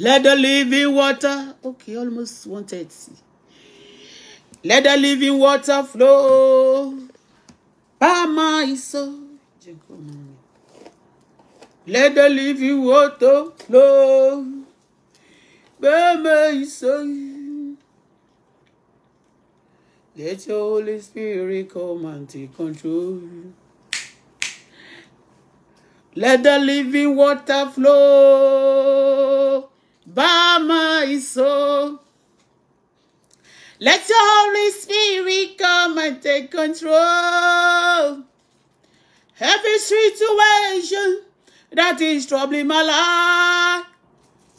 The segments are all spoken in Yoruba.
Let the living water, okay, almost wanted. Let the living water flow by my soul. Let the living water flow by my soul. Let your Holy Spirit come and take control. Let the living water flow. by my soul. Let your Holy Spirit come and take control. Every situation that is troubling my life,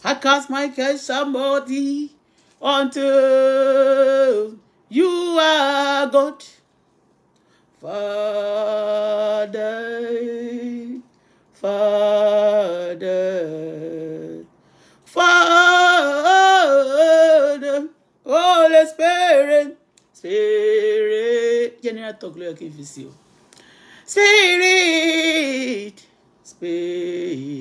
I cast my case somebody unto you are God. Father, Father. Father, Holy Spirit, Spirit. General talk lóyè kí n Spirit, Spirit.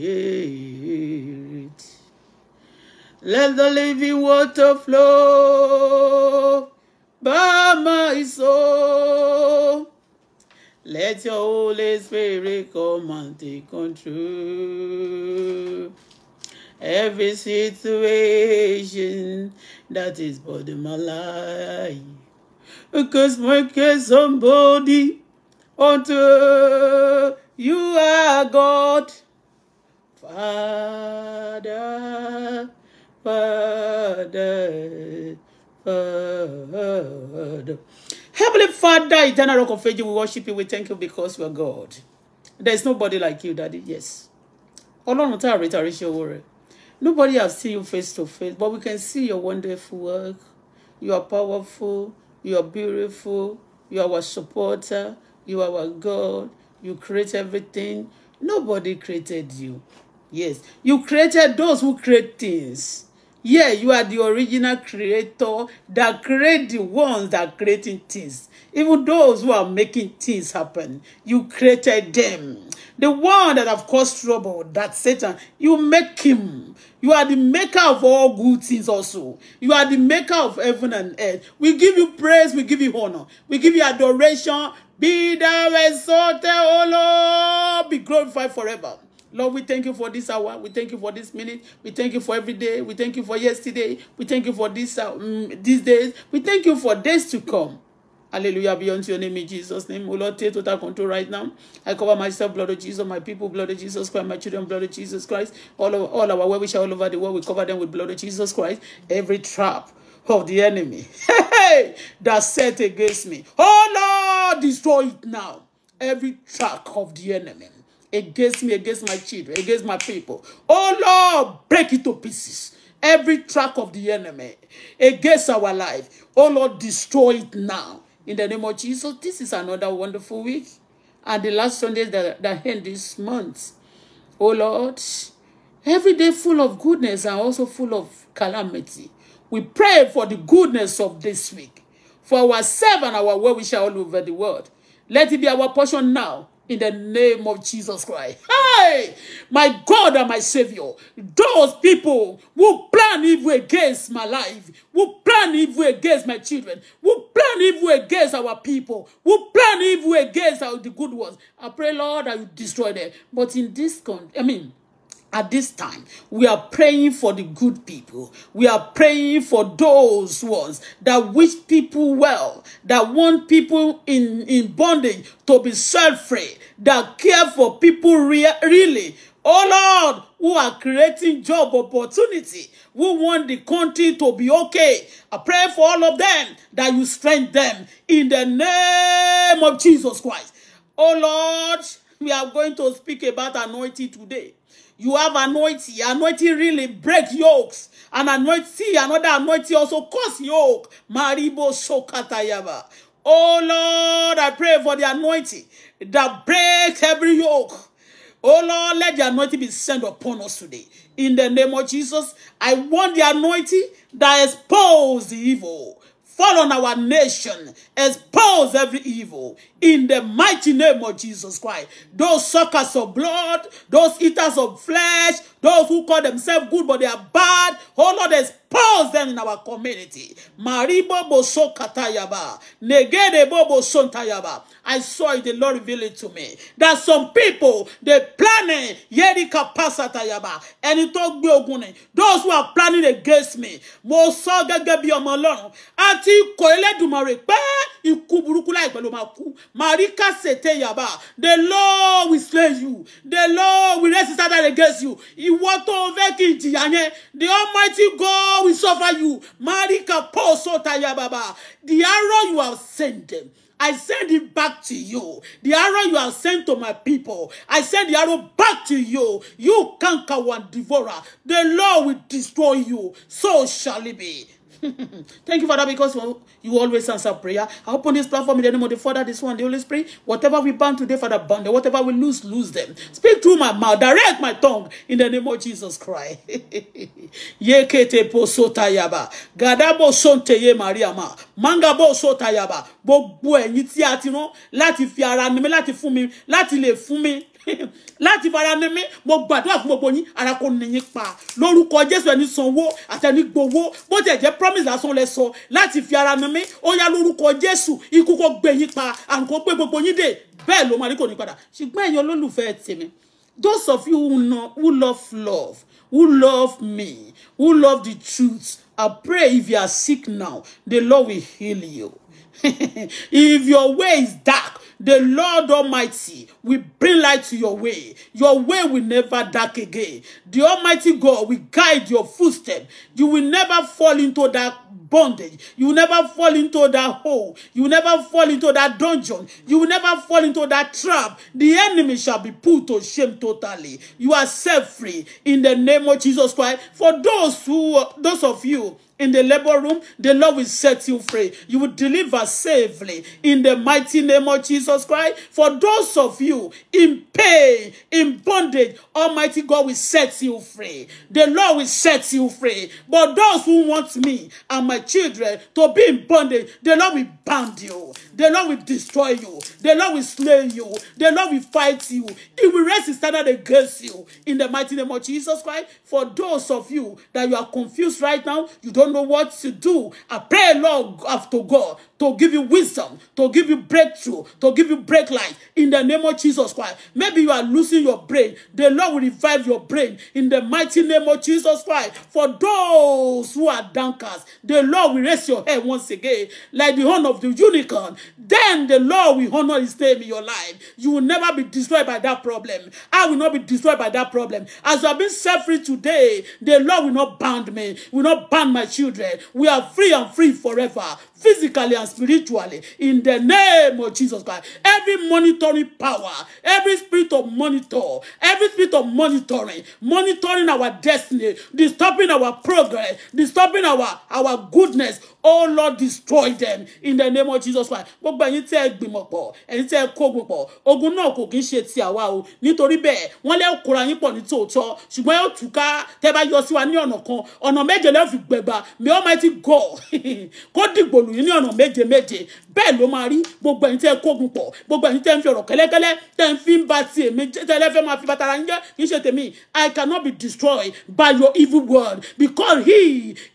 Let the living water flow by my soul. Let your Holy Spirit come and take control every situation that is bothering my life. Because my case somebody unto you are God. Father, Father, Father. Heavenly Father, eternal rock of ages, we worship you. We thank you because you are God. There is nobody like you, Daddy. Yes. Ọlọ́run tá a retí àríṣẹ́ owó rẹ̀. Nobody has seen you face to face, but we can see your wonderful work. You are powerful. You are beautiful. You are our supporter. You are our God. You create everything. Nobody created you. Yes, you created those who create things. Yeah, you are the original creator that create the ones that creating things. Even those who are making things happen, you created them. The one that have caused trouble, that Satan, you make him. You are the maker of all good things also. You are the maker of heaven and earth. We give you praise, we give you honor, we give you adoration. Be thou exalted, O Lord, be glorified forever. Lord, we thank you for this hour. We thank you for this minute. We thank you for every day. We thank you for yesterday. We thank you for this um, these days. We thank you for days to come. Hallelujah. Be unto your name in Jesus' name. Oh Lord, take total control right now. I cover myself, blood of Jesus, my people, blood of Jesus Christ, my children, blood of Jesus Christ. All of all our well all over the world, we cover them with blood of Jesus Christ. Every trap of the enemy hey, that set against me. Oh Lord, destroy it now. Every trap of the enemy against me, against my children, against my people. Oh Lord, break it to pieces. Every track of the enemy against our life. Oh Lord, destroy it now. In the name of Jesus, this is another wonderful week. And the last Sunday that, that end this month. Oh Lord, every day full of goodness and also full of calamity. We pray for the goodness of this week. For ourselves and our well-wisher all over the world. Let it be our portion now in the name of Jesus Christ. Hey, my God and my Savior, those people who plan evil against my life, who plan evil against my children, who plan evil against our people, who plan evil against our, the good ones, I pray, Lord, that you destroy them. But in this con, I mean, at this time, we are praying for the good people. We are praying for those ones that wish people well, that want people in, in bondage to be set free, that care for people rea really. Oh Lord, who are creating job opportunity, who want the country to be okay. I pray for all of them that you strengthen them in the name of Jesus Christ. Oh Lord, we are going to speak about anointing today. You have anointing. Anointing really break yokes. And anointing, another anointing also cause yoke. Maribo Sokatayaba. Oh Lord, I pray for the anointing that breaks every yoke. Oh Lord, let the anointing be sent upon us today. In the name of Jesus, I want the anointing that exposes the evil fall on our nation. Expose every evil in the mighty name of Jesus Christ. Those suckers of blood, those eaters of flesh, Those who call themselves good but they are bad, oh Lord, expose them in our community. negede bobo sontayaba. I saw it, the Lord revealed it to me. That some people, they planning, yeri kapasatayaba, tayaba. tó gbé ogun Those who are planning against me, mo sọ gẹ́gẹ́ bí ọmọ Ọlọ́run, àti ikọ̀ Elédùmarè pé Marika burúkú láìpẹ́ the Lord will slay you, the Lord will resist that against you ìwọ tó fẹ́ kí n jìyà yẹn the almighty God will suffer you marika paul sotaya baba the arrow you have sent them. I send it back to you. The arrow you have sent to my people, I send the arrow back to you. You canker one devour. The law will destroy you. So shall it be. Thank you, Father, because you always answer prayer. I open this platform in the name of the Father, this one, the Holy Spirit. Whatever we bind today, Father, bind them. Whatever we lose, lose them. Speak through my mouth, direct my tongue in the name of Jesus Christ. Gadabo sonte ye Maria ma. Mangabo sota yaba. Gbogbo ẹ̀yin tí a ti rán láti fi ara ni mi láti fara mímí mo gbàdúrà fún gbogbo yín ara kò níyín pa lórúkọ jésù ẹni sanwó àtẹni gbowó bó tẹ̀ jẹ́ promise lásán lẹ sọ láti fi ara mímí ó yá lórúkọ jésù ikú kò gbé pa àrùn kò gbogbo yín dè bẹ́ẹ̀ ló máa rí kò ní padà ṣùgbọ́n ẹ̀yin olólùfẹ́ tèmi those of you who, know, who love love who love me who love the truth I pray if you are sick now the Lord will heal you if your way is dark The Lord Almighty will bring light to your way. Your way will never dark again. The Almighty God will guide your footstep. You will never fall into that bondage. You will never fall into that hole. You will never fall into that dungeon. You will never fall into that trap. The enemy shall be put to shame totally. You are set free in the name of Jesus Christ. For those who, those of you in the labor room, the Lord will set you free. You will deliver safely in the mighty name of Jesus Christ. For those of you in pain, in bondage, Almighty God will set you free. The Lord will set you free. But those who want me and my my children to be in bondage, the Lord will bound you. The Lord will destroy you. The Lord will slay you. The Lord will fight you. He will raise his standard against you. In the mighty name of Jesus Christ, for those of you that you are confused right now, you don't know what to do, I pray, Lord, after God, to give you wisdom, to give you breakthrough, to give you break light in the name of Jesus Christ. Maybe you are losing your brain. The Lord will revive your brain in the mighty name of Jesus Christ. For those who are downcast, the Lord will raise your head once again, like the horn of the unicorn. Then the Lord will honor his name in your life. You will never be destroyed by that problem. I will not be destroyed by that problem. As I've been set free today, the Lord will not bound me, will not bound my children. We are free and free forever physically and spiritually in the name of Jesus Christ. Every monitoring power, every spirit of monitor, every spirit of monitoring, monitoring our destiny, disturbing our progress, disturbing our, our goodness, oh lord destroy them in the name of jesus christ gbogbo ẹ̀yin tí ẹ gbìmọ̀ pọ̀ ẹ̀yin tí ẹ kógun pọ̀ ogun náà kò kí ń ṣe ti àwa o nítorí bẹ́ẹ̀ wọ́n lẹ́ kóra yín pọ̀ ní tòótọ́ ṣùgbọ́n ẹ ó túká tẹ́ bá yọ sí wa ní ọ̀nà kan ọ̀nà méje lẹ́ fi gbẹ̀gbà may almighty god kó dìgbòlù yín ní ọ̀nà méje méje bẹ́ẹ̀ ló máa rí gbogbo ẹ̀yin tẹ́ ń kógun pọ̀ gbogbo ẹ̀yin tẹ́ ń fi ọ̀rọ̀ kẹ́lẹ́kẹ́lẹ́ tẹ́ ń fi ń ba ti èmi tẹ́lẹ́fẹ́ máa fi bàtà ara ń jẹ́ kì í ṣe tèmi I cannot be destroyed by your evil word because he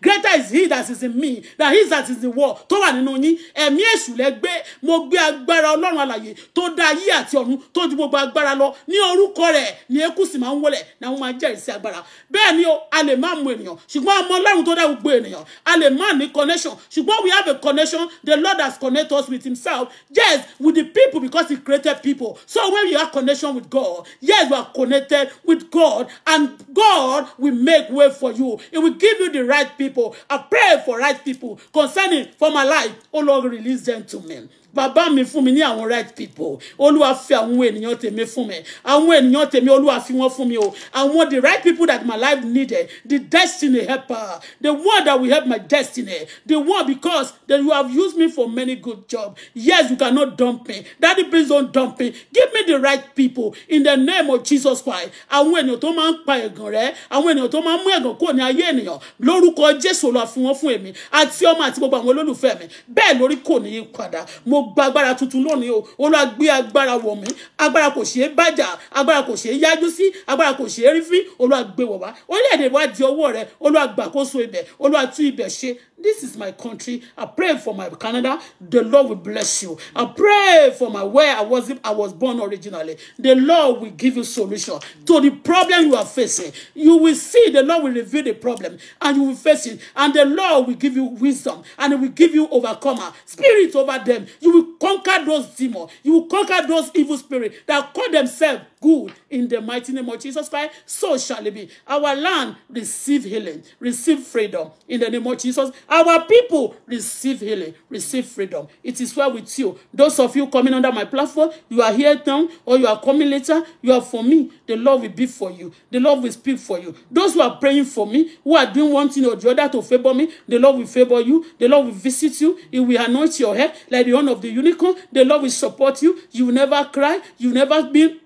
greater is he that is in me than he that is in the world tó wà nínú yín ẹ̀mí èṣù lẹ gbé mo gbé agbára ọlọ́run alàyè tó dá ayé àti ọ̀run tó ju gbogbo agbára lọ ní orúkọ rẹ̀ ni eku sì máa ń wọlẹ̀ ni àwọn máa jẹ́rìí sí agbára bẹ́ẹ̀ ni a lè má mọ ènìyàn ṣùgbọ́n ọmọ ọlọ́run tó dá gbogbo ènìyàn a lè má ní connection ṣùgbọ́n we have a connection the Lord has connected us with himself. Yes, with the people because he created people. So when you have connection with God, yes, we are connected with God and God will make way for you. He will give you the right people. I pray for right people concerning for my life. Oh Lord, release them to me bàbá mi fún mi ní àwọn right people olúwa fi àwọn ènìyàn tèmi fún mi àwọn ènìyàn tèmi olúwa fi wọ́n fún mi o àwọn the right people that my life needed the destiny helper the one that will help my destiny the one because that you have used me for many good jobs yes you cannot dump me daddy please don't dump me give me the right people in the name of Jesus Christ àwọn ènìyàn tó máa ń pa ẹ̀gàn rẹ àwọn ènìyàn tó máa ń mú ẹ̀gàn kúrò ní ayé ènìyàn lórúkọ Jésù olúwa fi wọ́n fún èmi àti ọmọ àti gbogbo àwọn olólùfẹ́ mi bẹ́ẹ̀ lórí kò ní í padà mo gba agbára tuntun lónìí o olúwa gbé agbára wọ̀ mí agbára kò ṣeé bàjà agbára kò ṣeé yájú sí agbára kò ṣeé rí fín olúwa gbé wọ̀ wá orílẹ̀-èdè wa di ọwọ́ rẹ olúwa gbàkóso ibẹ̀ olúwa tú ibẹ̀ ṣe This is my country. I pray for my Canada. The Lord will bless you. I pray for my where I was I was born originally. The Lord will give you solution to the problem you are facing. You will see the Lord will reveal the problem and you will face it. And the Lord will give you wisdom and will give you overcomer spirit over them. You will conquer those demons. You will conquer those evil spirits that call themselves good in the mighty name of Jesus Christ, so shall it be. Our land receive healing, receive freedom in the name of Jesus. Our people receive healing, receive freedom. It is well with you. Those of you coming under my platform, you are here now or you are coming later, you are for me. The Lord will be for you. The Lord will speak for you. Those who are praying for me, who are doing one thing or the other to favor me, the Lord will favor you. The Lord will visit you. He will anoint your head like the horn of the unicorn. The Lord will support you. You will never cry. You will never be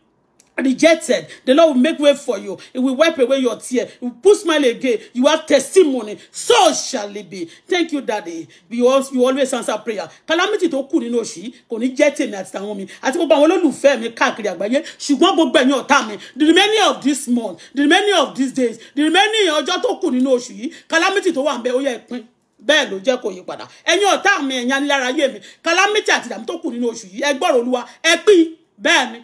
rejected, the Lord will make way for you. It will wipe away your tear. It will put smile again. You have testimony. So shall it be. Thank you, Daddy. You always, you always answer prayer. Calamity tó kù nínú òṣì kò ní jẹ́ tèmi àti tàwọn mi. Àti gbogbo àwọn olólùfẹ́ mi káàkiri àgbáyé. Ṣùgbọ́n gbogbo ẹ̀yin ọ̀tá mi. The remaining of this month, the remaining of these days, the remaining ọjọ́ tó kù nínú òṣì yìí. Calamity tó wà ń bẹ ó yẹ ìpín bẹ́ẹ̀ ló jẹ́ kó yí padà. Ẹ̀yin ọ̀tá mi ẹ̀yin anilára yé mi. Calamity àti ìdààmú tó kù nínú òṣì yìí. Ẹ Olúwa, ẹ pín bẹ́ẹ̀ ni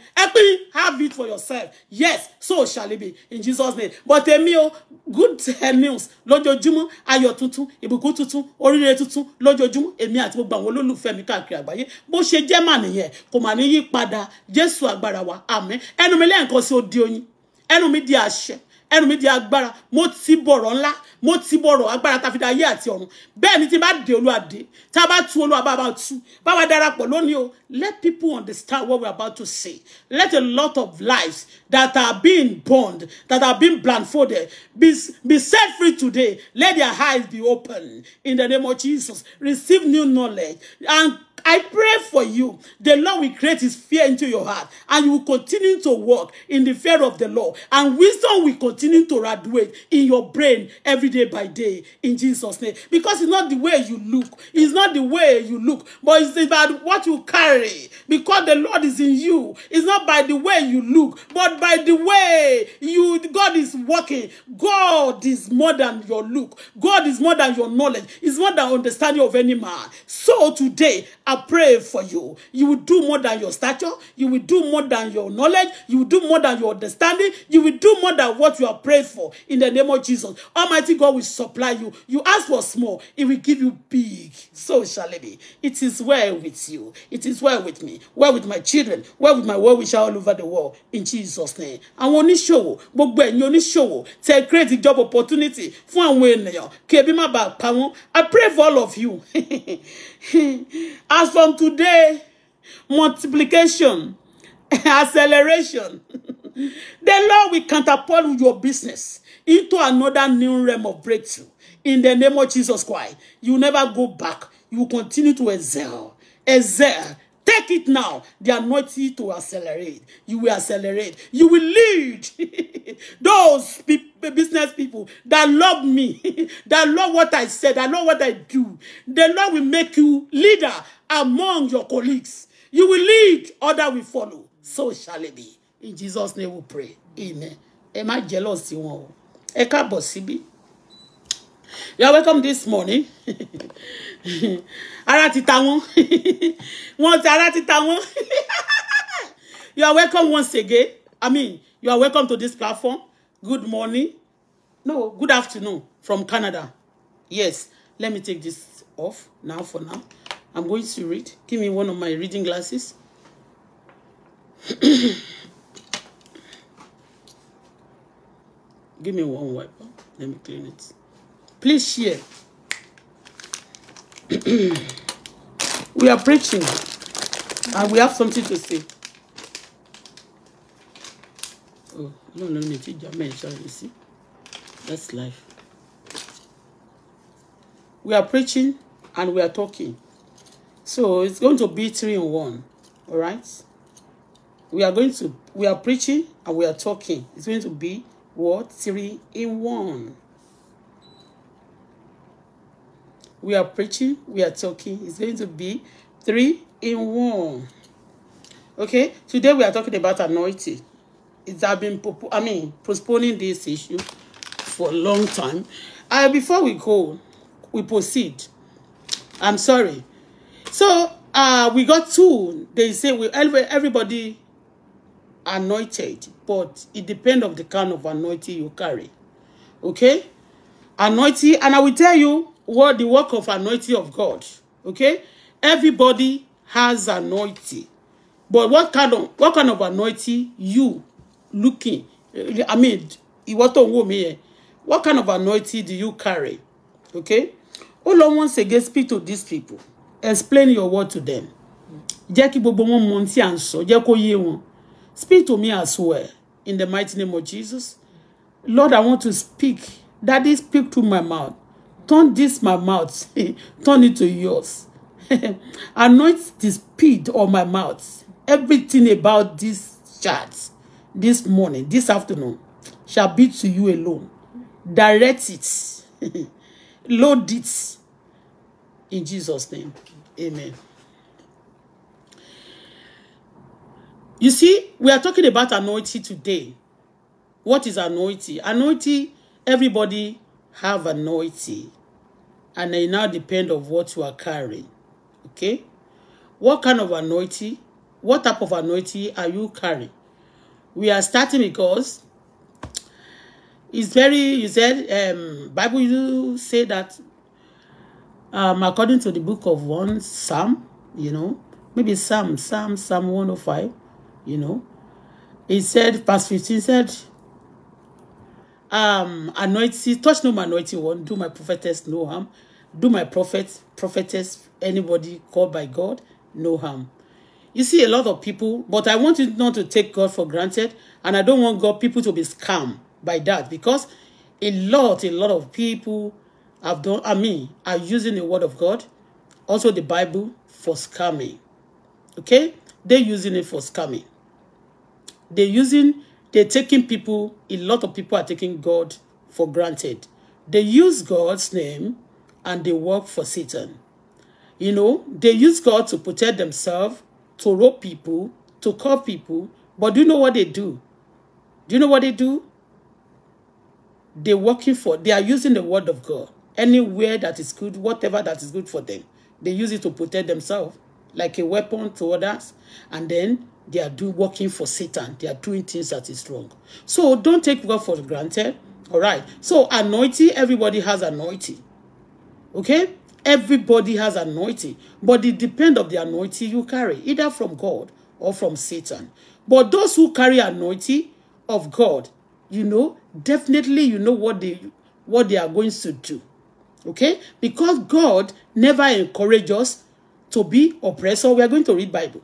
have it for yourself yes so shall it be in Jesus name but Emi, o good news lójoojúmọ́ ayọ̀ tuntun ìbùkún tuntun oríire tuntun lójoojúmọ́ èmi àti gbogbo àwọn olólùfẹ́ mi káàkiri àgbáyé bó ṣe jẹ́ mà nìyẹn kò mà ní yí padà Jésù agbára wa àmín ẹnu mi lẹ́ẹ̀kan sí odi oyin ẹnu mi di àṣẹ ẹnu mi di agbára mo ti bọ̀rọ̀ ńlá mo ti bọ̀rọ̀ agbára tá fi da ayé àti ọ̀run bẹ́ẹ̀ ni tí bá dé olúwa tá a bá tu olúwa bá a bá tu bá wa darapọ̀ lónìí o let people understand what we are about to say let a lot of lives that are being burned that are being blindfolded be, be set free today let their eyes be open in the name of Jesus receive new knowledge and I pray for you. The Lord will create his fear into your heart and you will continue to walk in the fear of the Lord. And wisdom will continue to radiate in your brain every day by day in Jesus' name. Because it's not the way you look. It's not the way you look. But it's about what you carry. Because the Lord is in you. It's not by the way you look. But by the way you God is working. God is more than your look. God is more than your knowledge. It's more than understanding of any man. So today, I I pray for you. You will do more than your stature. You will do more than your knowledge. You will do more than your understanding. You will do more than what you are prayed for in the name of Jesus. Almighty God will supply you. You ask for small, He will give you big. So shall it be. It is well with you. It is well with me. Well with my children. Well with my world. well wisher all over the world. In Jesus' name. Àwọn oníṣòwò, gbogbo ẹ̀yin oníṣòwò, tẹ create job opportunity fún àwọn ènìyàn. Kí ebi má bàa pa wọ́n. I pray for all of you. I As from today, multiplication, acceleration. The Lord will counterpart your business into another new realm of breakthrough. In the name of Jesus Christ, you never go back. You continue to excel. Excel. Take it now. The anointing to accelerate. You will accelerate. You will lead those people business people that love me, that love what I said, that love what I do. The Lord will make you leader among your colleagues. You will lead, other will follow. So shall it be. In Jesus' name we pray. Amen. Am I jealous You are welcome this morning. Ara ti ta You are welcome once again. I mean, you are welcome to this platform. Good morning. No, good afternoon from Canada. Yes, let me take this off now for now. I'm going to read. Give me one of my reading glasses. Give me one wiper. Let me clean it. Please share. we are preaching and we have something to say oh no no mi ti jà mẹ́rin sorry you see that's life we are preaching and we are talking so it's going to be three in one all right we are going to we are preaching and we are talking it's going to be what three in one. we are preaching, we are talking. It's going to be three in one. Okay, today we are talking about anointing. It's have been I mean postponing this issue for a long time. Uh, before we go, we proceed. I'm sorry. So uh, we got two. They say we everybody anointed, but it depends on the kind of anointing you carry. Okay, anointing, and I will tell you what the work of anointing of God. Okay, everybody has anointing, but what kind of what kind of anointing you looking eh, i mean ìwọ tó ń wò what kind of anointing do you carry okay ó lọ once again speak to these people explain your word to them jẹ́ kí gbogbo wọn mọ ohun tí speak to me as well in the mighty name of Jesus Lord I want to speak daddy speak through my mouth turn this my mouth turn it to yours anoint the speed of my mouth everything about this chart this morning, this afternoon, shall be to you alone. Direct it. Load it. In Jesus' name. Amen. You see, we are talking about anointing today. What is anointing? Anointing, everybody have anointing. And it now depend on what you are carrying. Okay? What kind of anointing? What type of anointing are you carrying? we are starting because it's very you said um bible you say that um according to the book of one psalm you know maybe psalm psalm psalm 105 you know it said verse 15 said um anointing touch no my anointing one do my prophetess no harm do my prophet prophetess anybody called by god no harm You see, a lot of people, but I want you not to take God for granted, and I don't want God people to be scammed by that because a lot, a lot of people have done, I mean, are using the word of God, also the Bible, for scamming. Okay? They're using it for scamming. They're using, they're taking people, a lot of people are taking God for granted. They use God's name and they work for Satan. You know, they use God to protect themselves to rope people, to call people. But do you know what they do? Do you know what they do? They're working for, they are using the word of God. Anywhere that is good, whatever that is good for them. They use it to protect themselves, like a weapon to others. And then they are doing working for Satan. They are doing things that is wrong. So don't take God for granted. All right. So anointing, everybody has anointing. Okay? Everybody has anointing, but it depends on the anointing you carry, either from God or from Satan. But those who carry anointing of God, you know, definitely you know what they what they are going to do. Okay? Because God never encourages us to be oppressor. We are going to read Bible.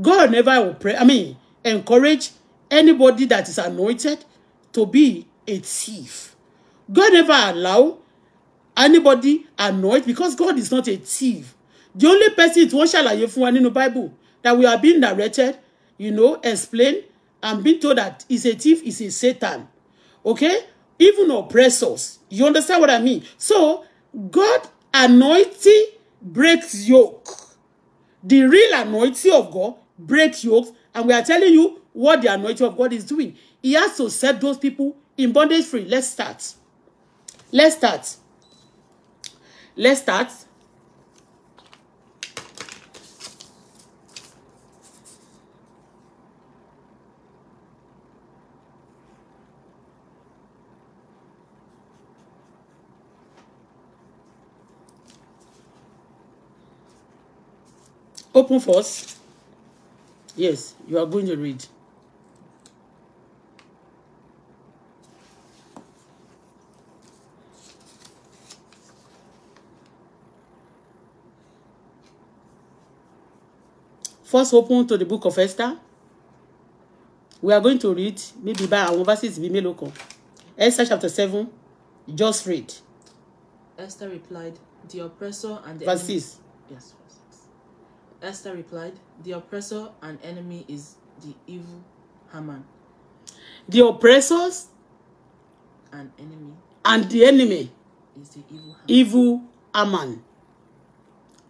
God never oppress, I mean, encourage anybody that is anointed to be a thief. God never allow anybody annoyed because God is not a thief the only person it wọ́n ṣàlàyé fún wa nínú bible that we are being directed you know explained and being told that is a thief is a satan okay even oppressors you understand what I mean so God anointing breaks yoke the real anointing of God breaks yoke and we are telling you what the anointing of God is doing he has to set those people in bondage free let's start let's start let's start. Open first. Yes, you are going to read. first open to the book of Esther we are going to read maybe by our verses Be mélòó local, Esther chapter seven just read. Esther replied the oppressor and the verses." Yes. Verse Esther replied the oppressor and enemy is the evil Haman. The oppressors. And enemy. And the enemy. Is the evil Haman. Evil Haman.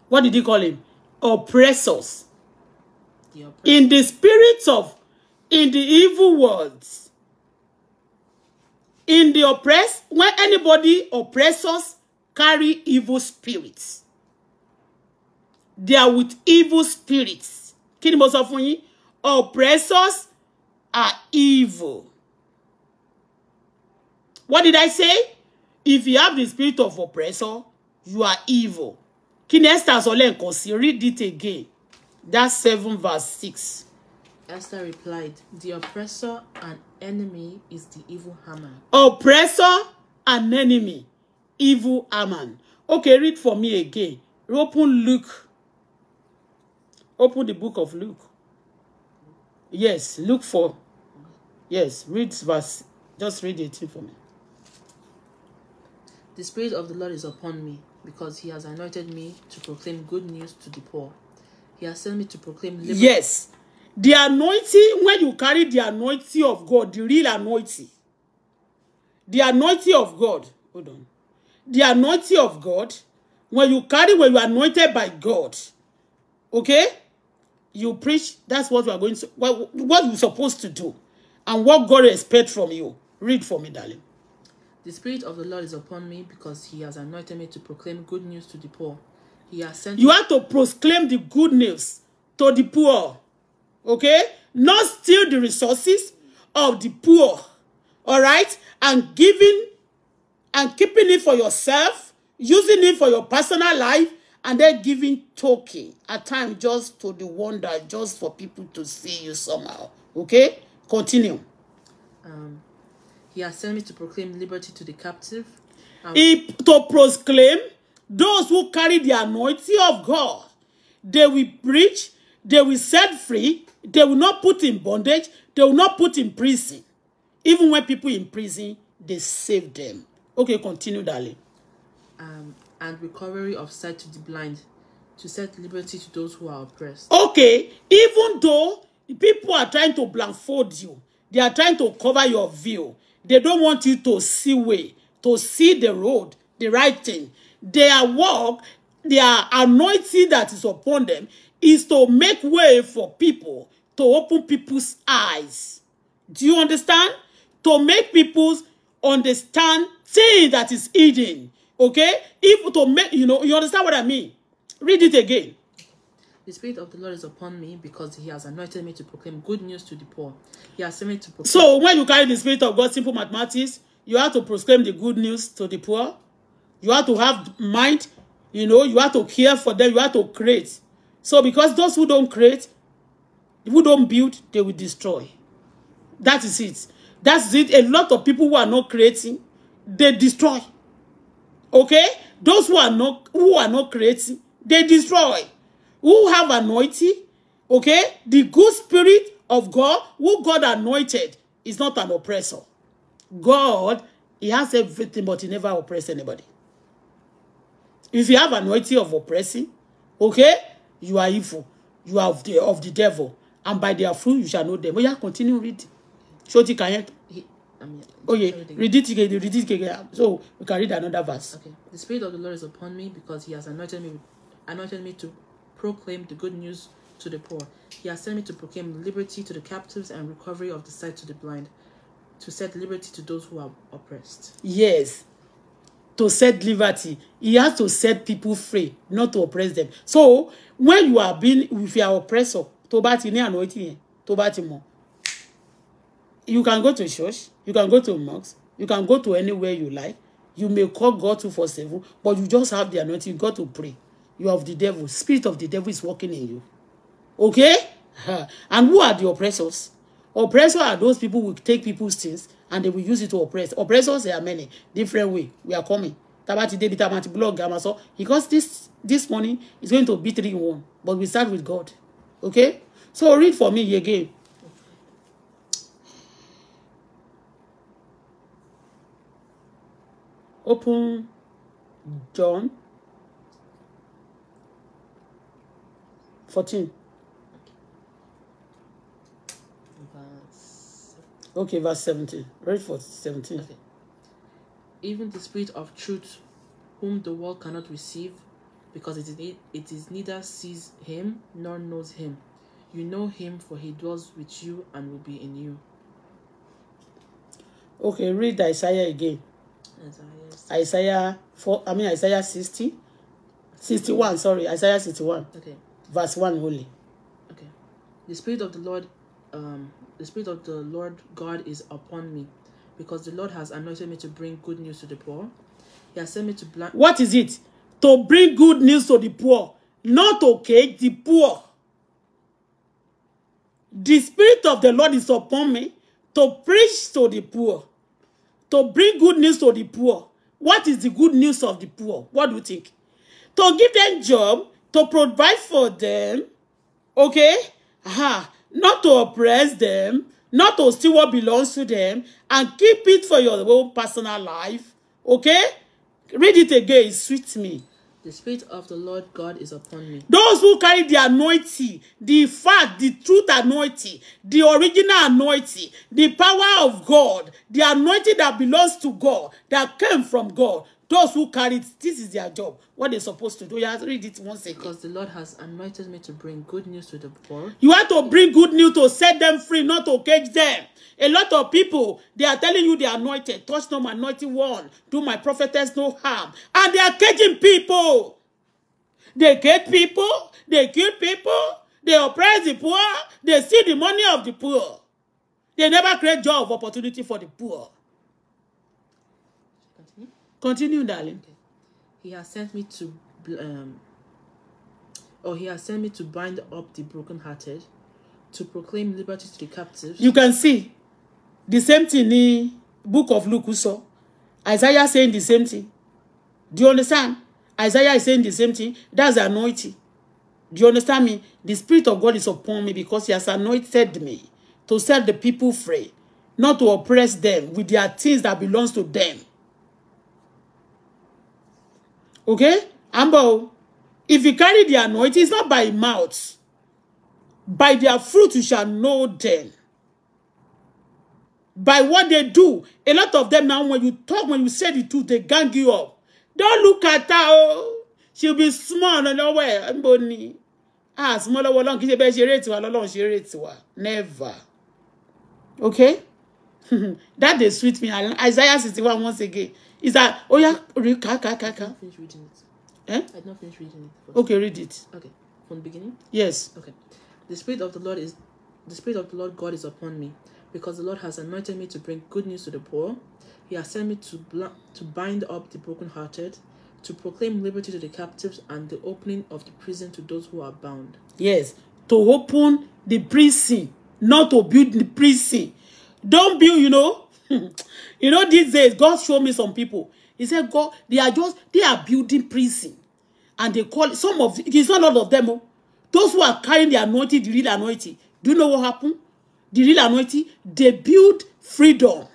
What did he call him? Oppressors in the spirit of, in the evil words, in the oppressed, when anybody oppressors carry evil spirits. They are with evil spirits. Kí ni mo Oppressors are evil. What did I say? If you have the spirit of oppressor, you are evil. Kí ni Esther Read it again. That's 7 verse 6. Esther replied, The oppressor and enemy is the evil Haman. Oppressor and enemy, evil Haman. Okay, read for me again. Open Luke. Open the book of Luke. Yes, look for. Yes, read verse. Just read it for me. The Spirit of the Lord is upon me, because he has anointed me to proclaim good news to the poor. He has sent me to proclaim liberty. Yes. The anointing, when you carry the anointing of God, the real anointing, the anointing of God, hold on, the anointing of God, when you carry, when you are anointed by God, okay, you preach, that's what you are going to, what, what you're supposed to do, and what God expects from you. Read for me, darling. The Spirit of the Lord is upon me because he has anointed me to proclaim good news to the poor. You have to proclaim the good news to the poor. Okay? Not steal the resources of the poor. All right? And giving and keeping it for yourself, using it for your personal life, and then giving token at times just to the wonder, just for people to see you somehow. Okay? Continue. Um, he has sent me to proclaim liberty to the captive. Um, he, to proclaim Those who carry the anointing of God, they will preach, they will set free, they will not put in bondage, they will not put in prison. Even when people in prison, they save them. Okay, continue, darling. Um, and recovery of sight to the blind, to set liberty to those who are oppressed. Okay, even though people are trying to blindfold you, they are trying to cover your view. They don't want you to see way, to see the road, the right thing their work, their anointing that is upon them is to make way for people, to open people's eyes. Do you understand? To make people understand things that is hidden. Okay? If to make, you know, you understand what I mean? Read it again. The Spirit of the Lord is upon me because He has anointed me to proclaim good news to the poor. He has sent me to proclaim. So when you carry the Spirit of God, simple mathematics, you have to proclaim the good news to the poor. You have to have mind. You know, you have to care for them. You have to create. So because those who don't create, who don't build, they will destroy. That is it. That's it. A lot of people who are not creating, they destroy. Okay? Those who are not who are not creating, they destroy. Who have anointing, okay? The good spirit of God, who God anointed, is not an oppressor. God, he has everything, but he never oppresses anybody. If you have anointing of oppressing, okay, you are evil. You are of the, of the devil. And by their fruit you shall know them. Oya, continue reading. Shoti Kanyet. Oh yeah, oh, read it again, read it again. So we can read another verse. Okay. The Spirit of the Lord is upon me because he has anointed me anointed me to proclaim the good news to the poor. He has sent me to proclaim liberty to the captives and recovery of the sight to the blind, to set liberty to those who are oppressed. Yes to set liberty he has to set people free not to oppress them so when you are being with your oppressor tó bá ti ní anointing yẹn tó ti mọ̀ you can go to church you can go to mosques, you can go to anywhere you like you may call God to for seven but you just have the anointing you got to pray you have the devil spirit of the devil is working in you okay and who are the oppressors Oppressor are those people who take people's things and they will use it to oppress. Oppressors there are many different way. We are coming. Tabati David Tabati blog so Because this this morning is going to be three in one. But we start with God. Okay? So read for me again. Open John 14. Okay, verse 17. Read for 17. Okay. Even the spirit of truth, whom the world cannot receive, because it is, it is neither sees him nor knows him. You know him, for he dwells with you and will be in you. Okay, read Isaiah again. Isaiah, Isaiah four. I mean Isaiah 60, 61, sorry, Isaiah 61. Okay. Verse 1 only. Okay. The Spirit of the Lord um, the Spirit of the Lord God is upon me, because the Lord has anointed me to bring good news to the poor. He has sent me to blind. What is it? To bring good news to the poor, not okay, the poor. The Spirit of the Lord is upon me to preach to the poor, to bring good news to the poor. What is the good news of the poor? What do you think? To give them job, to provide for them, okay? Aha not to oppress them, not to steal what belongs to them, and keep it for your own personal life. Okay? Read it again. It suits me. The Spirit of the Lord God is upon me. Those who carry the anointing, the fact, the truth anointing, the original anointing, the power of God, the anointing that belongs to God, that came from God, those who carry it this is their job what they supposed to do you have to read it once again. because the lord has anointed me to bring good news to the poor. you have to bring good news to set them free not to cage them a lot of people they are telling you they are anointed touch no anointing one do my prophetess no harm and they are caging people they cage people they kill people they oppress the poor they steal the money of the poor they never create job opportunity for the poor Continue, darling. He has sent me to, um, or he has sent me to bind up the brokenhearted, to proclaim liberty to the captives. You can see the same thing ní book of Luke who saw, Isaiah saying the same thing. Do you understand? Isaiah is saying the same thing. That's anointing. Do you understand me? The Spirit of God is upon me because He has anointed me to set the people free, not to oppress them with their things that belongs to them. Okay? Ambo, oh, if you carry the anointing, it's not by mouth. By their fruit you shall know them. By what they do, a lot of them now, when you talk, when you say the truth, they gang you up. Don't look at her. Oh, she'll be small and away. Ambo ni. Ah, small lọ́wọ́ Ọlọ́run kì í ṣe bẹ́ẹ̀ ṣe eré tiwa lọ́lọ́run ṣe never okay that they sweet me Isaiah sixty one once again Is that oh yeah? Read, ka, ka, ka, ka. I finished reading it. Eh? I did not finish reading it. First. Okay, read it. Okay, from the beginning. Yes. Okay, the spirit of the Lord is the spirit of the Lord God is upon me, because the Lord has anointed me to bring good news to the poor. He has sent me to bl- to bind up the brokenhearted, to proclaim liberty to the captives, and the opening of the prison to those who are bound. Yes, to open the prison, not to build the prison. Don't build, you know you know, these days, God showed me some people. He said, God, they are just, they are building prison. And they call, some of, it's not all of them. Oh. Those who are carrying the anointing, the real anointing. Do you know what happened? The real anointing, they build freedom.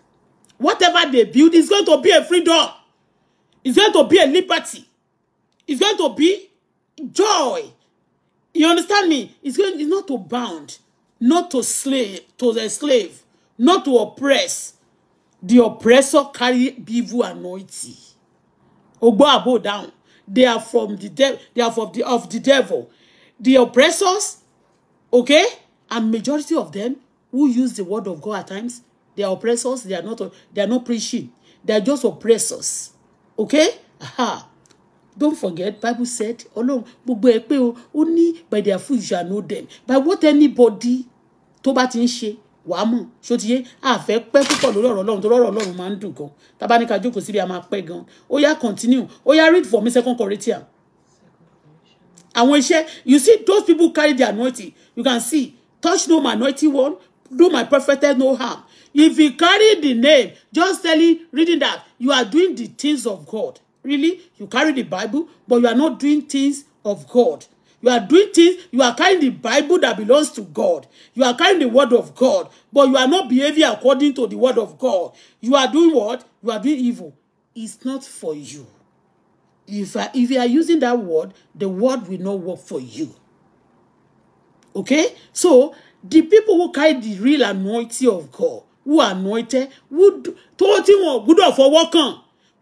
Whatever they build is going to be a freedom. It's going to be a liberty. It's going to be joy. You understand me? It's going it's not to bound, not to slave, to the slave, not to oppress, the oppressor carry evil anointing ogbo abo down they are from the devil they are from the of the devil the oppressors okay and majority of them who use the word of God at times they are oppressors they are not they are not preaching they are just oppressors okay aha don't forget bible said Ọlọ́run gbogbo ẹ pé by their fruit you shall know them by what anybody tó bá ti wàá mọ̀ ṣótiyé àfẹ́ pẹ́ púpọ̀ lórí ọ̀rọ̀ ọlọ́run tó rọ̀rọ̀ ọlọ́run máa ń dùn gan tábà ní jókòó síbi a máa gan ó yá continue ó yá read for me second Corinthians àwọn iṣẹ́ you see those people carry their anointing you can see touch no my anointing one do my prophetess no harm if you carry the name just tell reading that you are doing the things of God really you carry the Bible but you are not doing things of God You are doing things. You are carrying the Bible that belongs to God. You are carrying the word of God. But you are not behaving according to the word of God. You are doing what? You are doing evil. It's not for you. If, I, if you are using that word, the word will not work for you. Okay? So, the people who carry the real anointing of God, who are anointed, who do, tó tí wọn gbúdọ̀ fọwọ́ kàn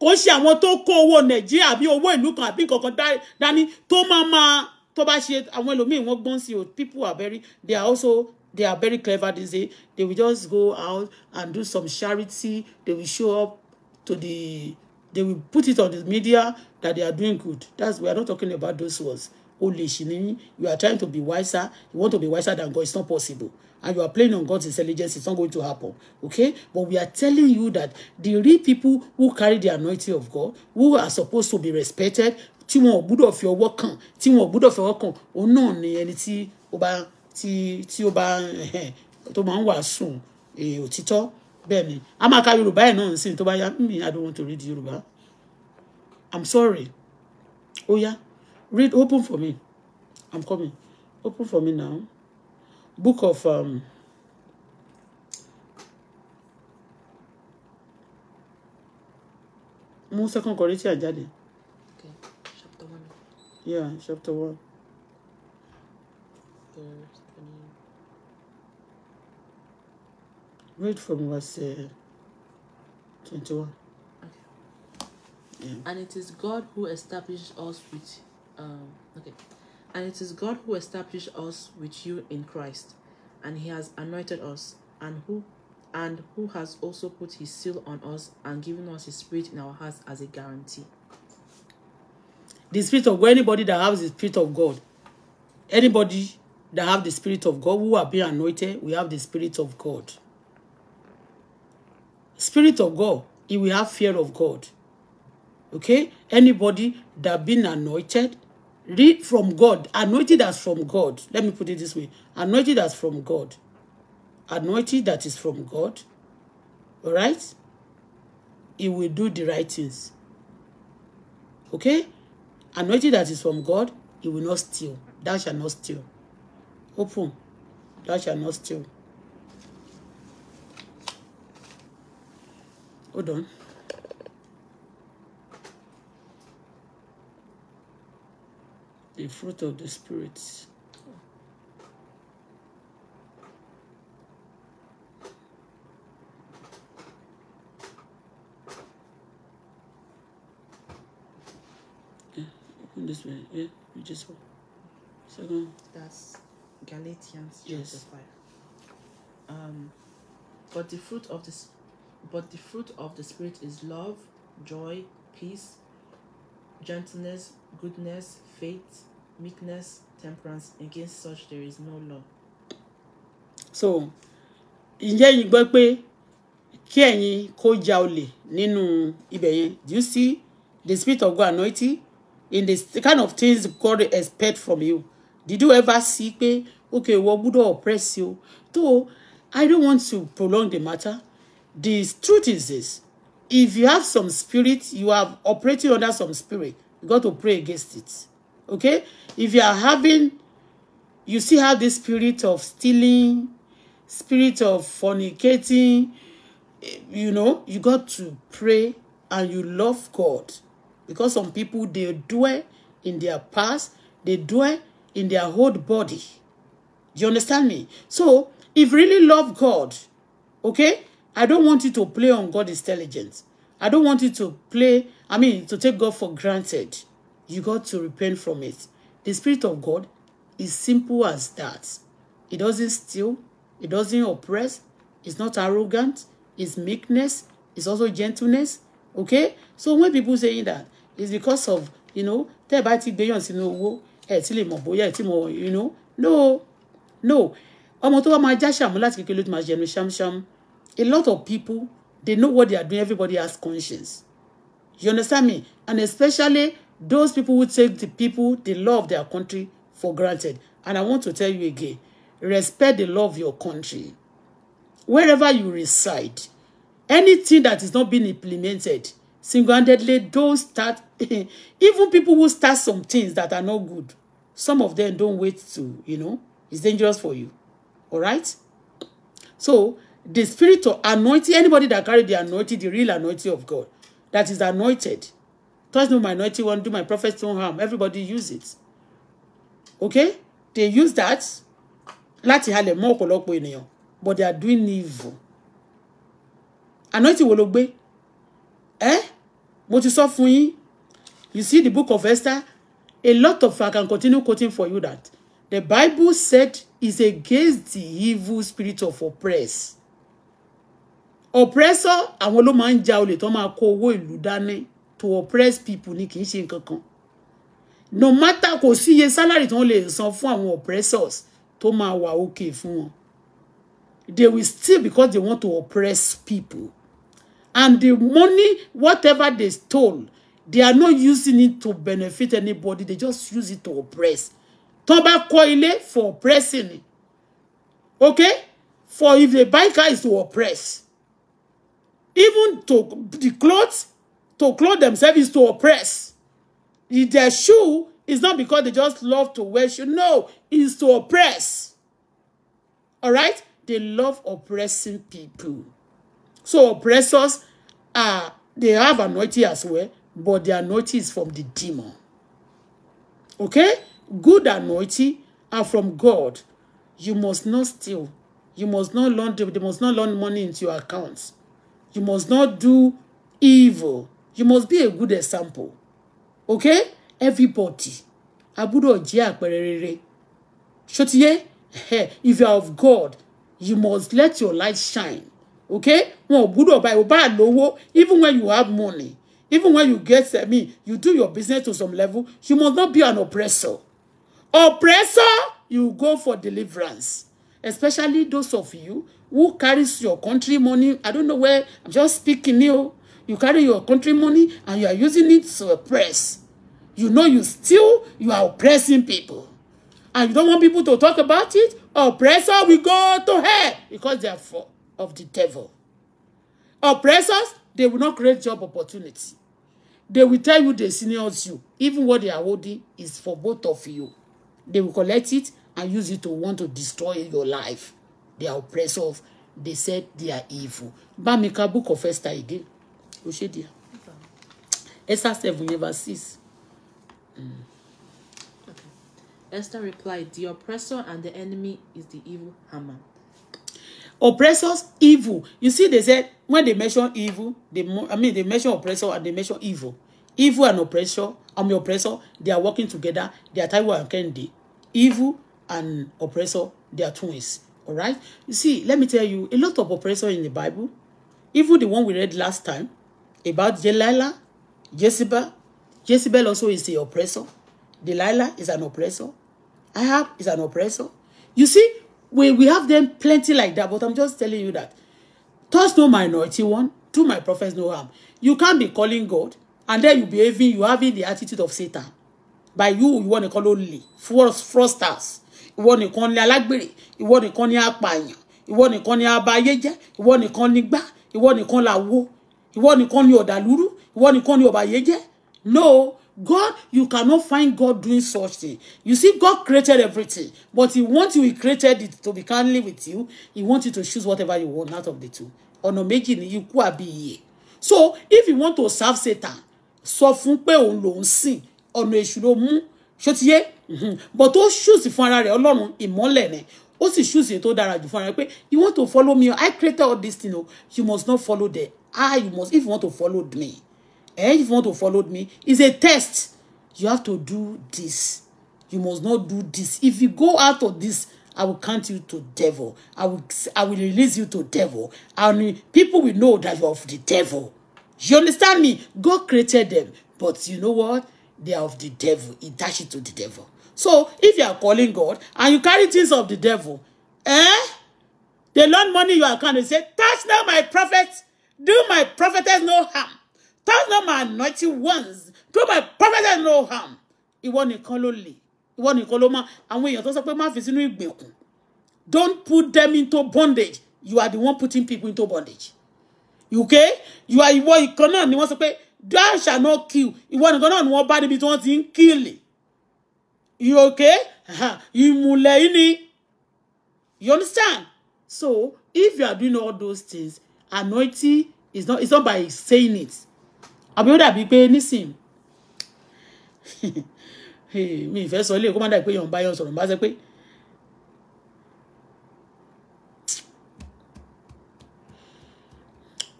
kò ṣe àwọn tó kó owó Nàìjíríà àbí owó ìlú kan àbí kankan dání tó máa máa tó bá ṣe àwọn ẹlòmíì wọ́n gbọ́n sí o people are very they are also they are very clever They say they will just go out and do some charity they will show up to the they will put it on the media that they are doing good that's we are not talking about those words olè ṣì ni you are trying to be wiser you want to be wiser than God it's not possible and you are playing on God's intelligence it's not going to happen okay but we are telling you that the real people who carry the anointing of God who are supposed to be respected tí wọn ò gbúdọ̀ fi ọwọ́ kàn tí wọn ò gbúdọ̀ fi ọwọ́ kàn òun náà ni ẹni tí ó bá tí tí ó bá tó máa ń wàásù òtítọ́ bẹ́ẹ̀ ni a máa ka yorùbá ẹ̀ náà nísìnyí tó bá yá mi hmm, I don't want to read yorùbá I'm sorry ó yá read open for me I'm coming open for me now book of. Um, mú second Corinthians jáde Yeah, chapter one. There's the name. Read from verse uh, 21. Okay. Yeah. And it is God who established us with, um, okay. And it is God who established us with you in Christ, and He has anointed us, and who, and who has also put His seal on us and given us His Spirit in our hearts as a guarantee. The spirit of God, anybody that has the spirit of God, anybody that have the spirit of God, who are being anointed, we have the spirit of God. Spirit of God, it will have fear of God. Okay? Anybody that been anointed, read from God, anointed as from God. Let me put it this way. Anointed as from God. Anointed that is from God. All right, he will do the right things. Okay? Anointing that is from God, he will not steal. Thou shalt not steal. Open. Thou shalt not steal. Hold on. The fruit of the Spirit. this way. Yeah, you just one. Second. That's Galatians yes. chapter five. Um, but the fruit of this, but the fruit of the spirit is love, joy, peace, gentleness, goodness, faith, meekness, temperance. Against such there is no law. So, ǹjẹ́ yìí gbọ́ pé kí ẹ̀yin kó ja olè nínú ibẹ̀ yẹn do you see the spirit of God anointing in the kind of things God expect from you did you ever see pé okay what would oppress you so I don't want to prolong the matter the truth is this if you have some spirit you are operating under some spirit you got to pray against it okay if you are having you see how this spirit of stealing spirit of fornicating eh, you know you got to pray and you love God Because some people, they dwell in their past, they dwell in their whole body. Do you understand me? So, if really love God, okay, I don't want you to play on God's intelligence. I don't want you to play, I mean, to take God for granted. You got to repent from it. The Spirit of God is simple as that. It doesn't steal, it doesn't oppress, it's not arrogant, it's meekness, it's also gentleness. Okay? So when people saying that, it's because of you know tẹ́ ẹ bá ti gbéyàn sínú owó ẹ ti lè mọ̀ bóyá ẹ ti mọ̀ you know no no ọmọ tó bá máa já ṣàmú láti kékeré ló ti máa jẹnu ṣámṣám a lot of people they know what they are doing everybody has conscience you understand me and especially those people who take the people the law of their country for granted and i want to tell you again respect the law of your country wherever you reside anything that is not being implemented single-handedly those that even people who start some things that are not good some of them don't wait to you know it's dangerous for you all right so the spirit of anointing anybody that carry the anointing the real anointing of God that is anointed touch no my anointing won't do my prophets no harm everybody use it okay they use that Lati hale mọ́ ọ̀pọ̀lọpọ̀ ènìyàn but they are doing evil anointing wo ló gbé eh? mo ti sọ fún yín you see the book of Esther a lot of I can continue quoting for you that the Bible said is against the evil spirit of oppress oppressor àwọn ló máa ń ja olè tó máa kó owó ìlú dání to oppress people ni kì í ṣe no matter kò sí iye salary tó ń lè san fún àwọn oppressors tó máa wà òkè fún wọn they will still because they want to oppress people and the money whatever they stole they are not using it to benefit anybody they just use it to oppress Toba koile for oppressing okay for if the buy is to oppress even to the clothes to clothe themselves is to oppress if their shoe is not because they just love to wear shoe no is to oppress all right they love oppressing people. So oppressors are ah, they have anointing as well, but the anointing is from the demon. Okay? Good anointing are from God. You must not steal. You must not loan they must not loan money into your accounts. You must not do evil. You must be a good example. Okay? Everybody. A gbọ́dọ̀ jẹ́ If you are of God, you must let your light shine okay wọn ò gbúdọ̀ báyìí ò bá even when you have money even when you get I mean you do your business to some level you must not be an oppressor oppressor you go for deliverance especially those of you who carries your country money I don't know where I'm just speaking you you carry your country money and you are using it to oppress you know you still you are oppressing people and you don't want people to talk about it oppressor we go to hell because they are for of the devil. Oppressors, they will not create job opportunity. They will tell you they seniors you. Even what they are holding is for both of you. They will collect it and use it to want to destroy your life. They are oppressors. They said they are evil. Bamika book of Esther again. Oshedia. Esther 7 verse 6. Mm. Esther replied, The oppressor and the enemy is the evil hammer." Oppressors, evil. You see, they said when they mention evil, they I mean they mention oppressor and they mention evil. Evil and oppressor, I'm your oppressor, they are working together, they are Taiwan and Kennedy. Evil and oppressor, they are twins. All right. You see, let me tell you, a lot of oppressor in the Bible, even the one we read last time about Delilah, Jezebel. Jezebel also is the oppressor. Delilah is an oppressor. Ahab is an oppressor. You see, we, we have them plenty like that, but I'm just telling you that. Touch no minority one, do my prophets no harm. You can't be calling God, and then you behaving, you having the attitude of Satan. By you, you want to call only You You want want to to call call force You want to call alágbèrè, ìwọ You want to call nìkan You want to call ni You want to call ìwọ nìkan You want to call ni ọ̀bàyéjẹ́. No, God, you cannot find God doing such thing. You see, God created everything, but He wants you, He created it to be kindly with you. He wants you to choose whatever you want out of the two. Ọ̀nà méjì ni ikú àbí ìyè. So, if you want to serve Satan, sọ fún pé òun lòun sìn, ọ̀nà èṣù ló mú, ṣó ti mhm. But ó ṣùsì fún ara rẹ̀ Ọlọ́run ìmọ́lẹ̀ ni. Ó sì ṣùsì that dára jù you want to follow me, I created all this thing, oh. you must not follow the I You must, if you want to follow me. Eh, if you want to follow me, it's a test. You have to do this. You must not do this. If you go out of this, I will count you to devil. I will, I will release you to devil. And people will know that you are of the devil. You understand me? God created them. But you know what? They are of the devil. He attached it to the devil. So, if you are calling God and you carry things of the devil, eh? They loan money you are account. say, touch now my prophet. Do my prophetess no harm. Touch not my anointing ones. Do my prophet and no harm. Ìwọ nìkan ló lè. Ìwọ nìkan ló mọ̀. Àwọn èèyàn tó sọ pé má fi sínú ìgbèkùn. Don't put them into bondage. You are the one putting people into bondage. You Okay? You are ìwọ ìkan náà ni wọ́n sọ pé thou shall not kill. Ìwọ nìkan náà ni wọ́n bá níbi tí wọ́n ti ń kílì. You okay? Ìmùlẹ̀ yìí ni. You understand? So, if you are doing all those things, anointing is not, it's not by saying it àbí ó dàbí pé nísìn mi ìfẹ́ sọ ilé kó má dàbí pé yọ̀ǹba yọ̀ sọ̀rọ̀ bá ṣe pé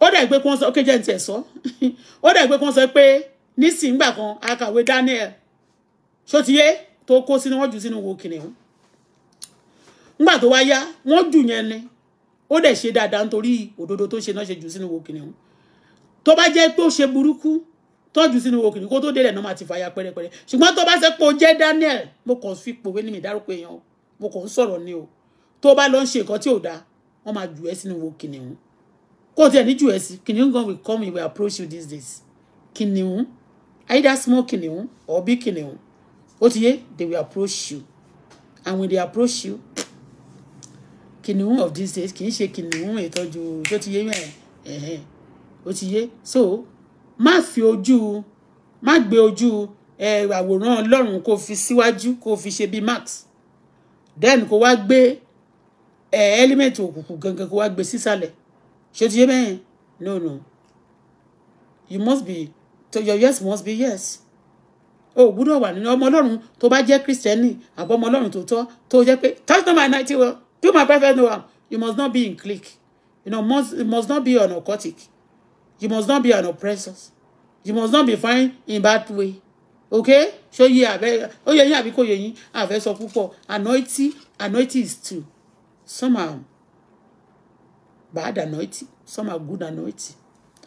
ó dàbí pé kí wọ́n sọ ó kéjẹ́ ní tiẹ̀ sọ ó dàbí pé kí wọ́n sọ pé nísìn gbà kan akàwé Daniel ṣótiyé tó kó sínú wọ́n jù sínú wo kìnìún ńgbà tó wá yá wọ́n jù yẹn ni ó dẹ̀ ṣe dáadáa nítorí òdodo tó ṣe náà ṣe jù sínú wo kìnìún tó bá jẹ́ pé ó ṣe burúkú tọ́jú sínú okùnrin kó tó délẹ̀ náà máa ti fàyà pẹ́rẹpẹ́rẹ ṣùgbọ́n tó bá ṣe pé jẹ́ Daniel mo kàn fi pòwe ní mi dárúkọ èèyàn mo kàn ń sọ̀rọ̀ ni o tó bá lọ ń ṣe nǹkan tí ò dáa wọ́n máa jù ẹ́ sínú wo kìnìún kó tiẹ̀ ní jù ẹ́ sí kìnìún gan will come We approach you these days kìnìún either small kìnìún or big kìnìún ó ti yé they will approach you and when they approach you kìnìún of these days kì í ṣe kìnìún ìtọ́jú tó ti yé mẹ́rin ó ti yé so má fi ojú má gbé ojú ẹ àwòrán ọlọ́run kó fi síwájú kó fi ṣe bíi max then kó wá gbé ẹ element òkùnkùn gangan kó wá gbé sísàlẹ̀ ṣé ti yé bẹ́ẹ̀ no no you must be to your yes must be yes o gbúdọ̀ wà nínú ọmọ ọlọ́run tó bá jẹ́ kristẹni àbọ̀ ọmọ ọlọ́run tó tọ́ tó jẹ́ pé touch not my ninety well do my perfect no harm you must not be in clique you know must, must not be on occultic You must not be an oppressor. You must not be fine in bad way. Okay? So ye abe oh, ye yin àbí kò yé yín àfẹ́ sọ púpọ̀ anointing anointing is two. Some are bad anointing, some are good anointing.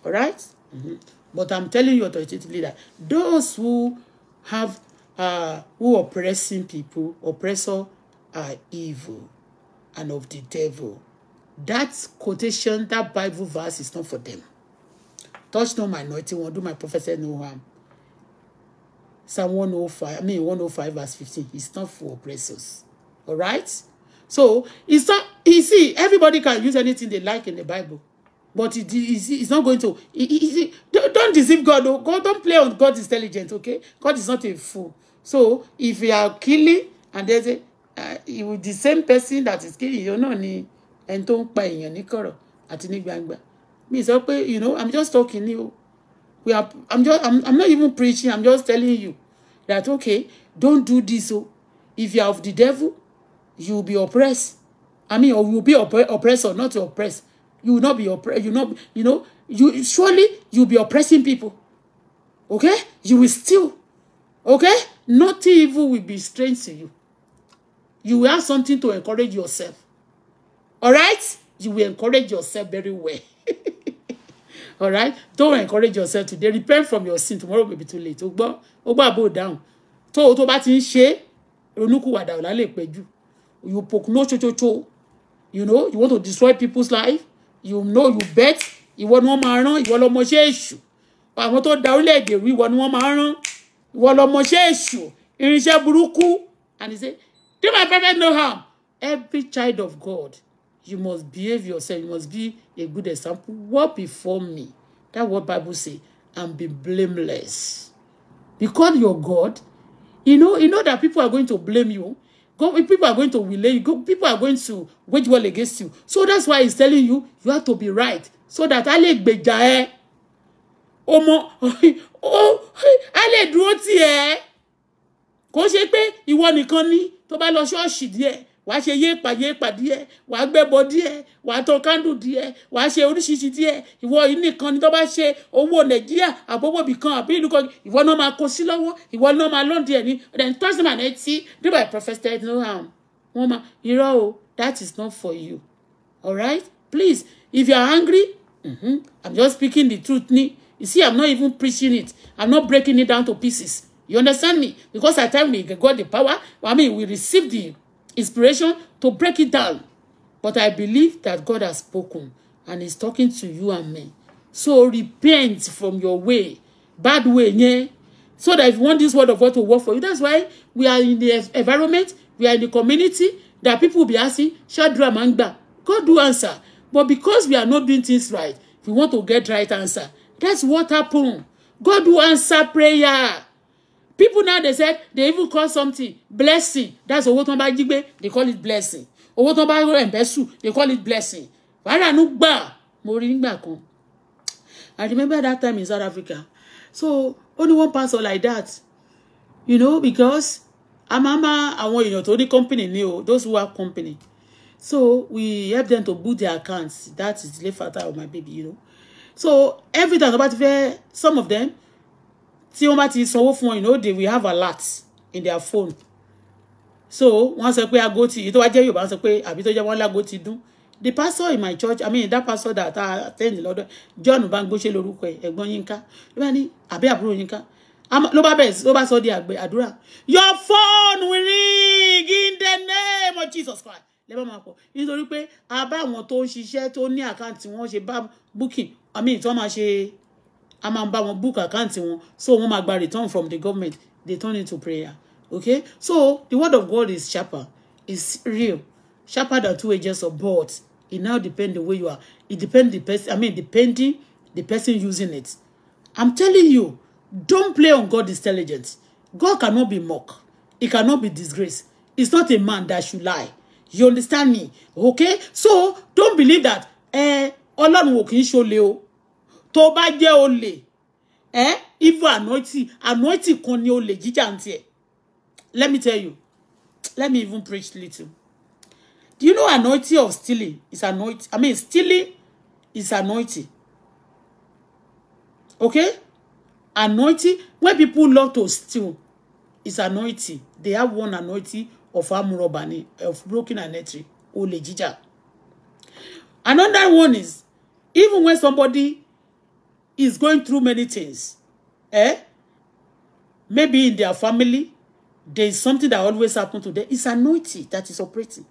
All right? Mm-hmm. But I'm telling you authoritatively that those who have uh, who oppressing people, oppressor are evil and of the devil. That quotation, that Bible verse is not for them touch no my anointing one do my professor no harm psalm 105 i mean 105 verse 15 it's not for oppressors all right so it's not you see everybody can use anything they like in the bible but it is it's not going to it, it, it, don't deceive god oh god don't play on god's intelligence okay god is not a fool so if you are killing and there's a uh, the same person that is killing you know ni ẹni tó ń pa èèyàn ní kọ̀rọ̀ àti mi sọ pé you know i'm just talking ni o we are i'm just I'm, i'm not even preaching i'm just telling you that okay don't do this o oh. if you are of the devil you will be oppressed i mean or you will be opp- oppressor not oppressed you will not be oppressed you not you know you surely you will be oppressing people okay you will steal okay nothing evil will be strange to you you will have something to encourage yourself all right you will encourage yourself very well all right don't encourage yourself today repent from your sin tomorrow may be too late o gbọ́ o gbọ́ àbò dáhùn tó o tó bá ti ń ṣe ronúkúwàdà ọ̀la lè pẹ́ jù you pokùnà ṣoṣoṣo you know you want to destroy people's life you know you bet ìwọ ni wọ́n máa rán ìwọ lọ́mọ ṣe èṣù àwọn tó da orílẹ̀-èdè rú ìwọ ni wọ́n máa rán ìwọ lọ́mọ ṣe èṣù irinṣẹ́ burúkú and he say do my perfect no harm every child of God you must behave yourself you must be a good example walk before me that's what bible say and be blameless because you're god you know you know that people are going to blame you go people are going to relay you go people are going to wage war against you so that's why he's telling you you have to be right so that a lè gbèjà ẹ ọmọ ó a lè dúró tì ẹ́ kò ṣe pé ìwọ nìkan ni tó bá lọ wàá ṣe yéèpà yéèpà díẹ̀ wàá gbẹ́bọ díẹ̀ wàá tọ kándù díẹ̀ wàá ṣe oríṣiríṣi díẹ̀ ìwọ yìí nìkan ni tó bá ṣe owó nàìjíríà àbówòbí kan àbí ìlú kan ìwọ náà máa kó sí lọ́wọ́ ìwọ náà máa lọ́ọ̀dì ẹ̀ ní then thousand and eighty do by professor no harm wọ́n máa irọ́ o that is not for you alright please if you are angry mm-hmm, i'm just speaking the truth ni you see i'm not even preaching it i'm not breaking it down to pieces you understand me because at times we God the power i mean we receive the inspiration to break it down. But I believe that God has spoken and is talking to you and me. So repent from your way, bad way, yeah? So that if you want this word of God to work for you, that's why we are in the environment, we are in the community, that people will be asking, Shadra Mangba, God do answer. But because we are not doing things right, we want to get right answer. That's what happened. God will answer prayer people now they say they even call something blessing that's owó tán bá jí gbé they call it blessing owó tán bá rẹ̀ ẹ̀mbẹ́sù they call it blessing wàhálà nu gbà mo rí nígbà kan I remember that time in South Africa so only one pastor like that you know because amama àwọn èèyàn tó ní company ni o those who have company so we help them to boot their accounts that is the late father of my baby you know so every time tó bá some of them tí wọ́n bá ti sanwó fún wọn you know they will have alert in their phone so wọ́n sọ pé aago ti tó wá jẹ́ yorùbá wọ́n sọ pé àbí tó jẹ́ wọ́n lágo ti dún the pastor in my church i mean that pastor that i attend lọ́dọ̀ john bangbose lórúkọ ẹ̀ ẹ̀gbọ́n yínká ló bá ní àbí àbúrò yínká ló bá bẹ̀ ló bá sọ di àgbẹ̀ àdúrà your phone will ring in the name of jesus christ lẹ́bàá máa pọ̀ nítorí pé a bá àwọn tó ń ṣiṣẹ́ tó ní àkáǹtì wọn ṣe bá booking i mean tí wọ́n máa ṣe a máa ń bá wọn book àkáǹtì wọn so wọ́n máa gba return from the government they turn into prayer okay so the word of God is sharper is real sharper than two edges of board it now depend the way you are it depend the person i mean depending the person using it i'm telling you don't play on God's intelligence God cannot be mocked he cannot be disgraced he's not a man that should lie you understand me okay so don't believe that eh Ọlọ́run ò kì í ṣolè o tó bá jẹ́ olè ẹ́ even anointing anointing kan ni olè jíjà ń tiẹ̀ let me tell you let me even preach little do you know anointing of stealing is anointing I mean stealing is anointing okay anointing when people love to steal is anointing they have one anointing of arm robbery of broken and entry olè jíjà another one is even when somebody is going through many things. Eh? Maybe in their family, there is something that always happens to them. It's anointing that is operating.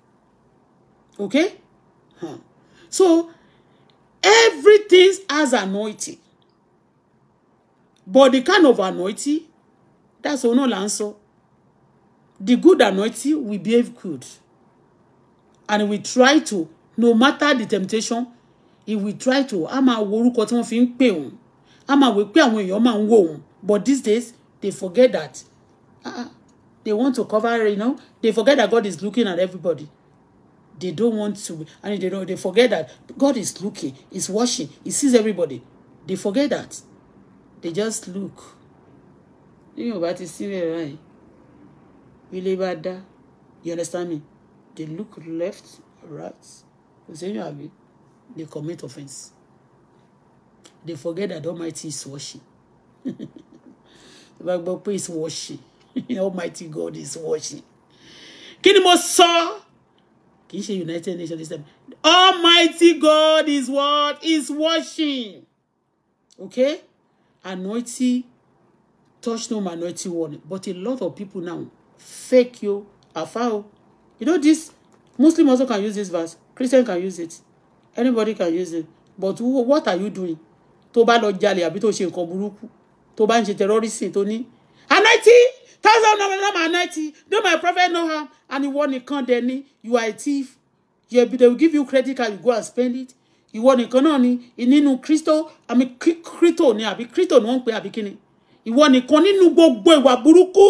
Okay? Huh. So, everything has anointing. But the kind of anointing, that's all no answer. The good anointing, we behave good. And we try to, no matter the temptation, he will try to a máa wo orúkọ tí wọ́n fi ń pè òun a máa wí pé àwọn èèyàn máa ń wò òun but these days they forget that uh, they want to cover you know they forget that God is looking at everybody they don't want to and they don't they forget that God is looking he's watching he sees everybody they forget that they just look You know, ti sílẹ̀ ráì ilé bá dá you understand me they look left right kò séyìn àbí they commit offense. They forget that Almighty is washing. The Bible is washing. Almighty God is washing. Kí ni mo sọ? Kì í United Nations this time. Almighty God is what? Is washing. Okay? Anointing, touch no anointing warning. But a lot of people now fake you, afao. You know this, Muslim also can use this verse. Christian can use it anybody can use it but what are you doing tó bá lọ jalè àbí tó ṣe nǹkan burúkú tó bá ń ṣe terrorism tó ní anaiti thousand naira naira ma anaiti do my prophet no harm and ìwọ nìkan dẹ ni you are a thief yeah, they will give you credit card you go and spend it ìwọ nìkan náà ni nínú kristo àmì krito ni àbí krito ni wọ́n ń pè àbí kíni ìwọ nìkan nínú gbogbo ìwà burúkú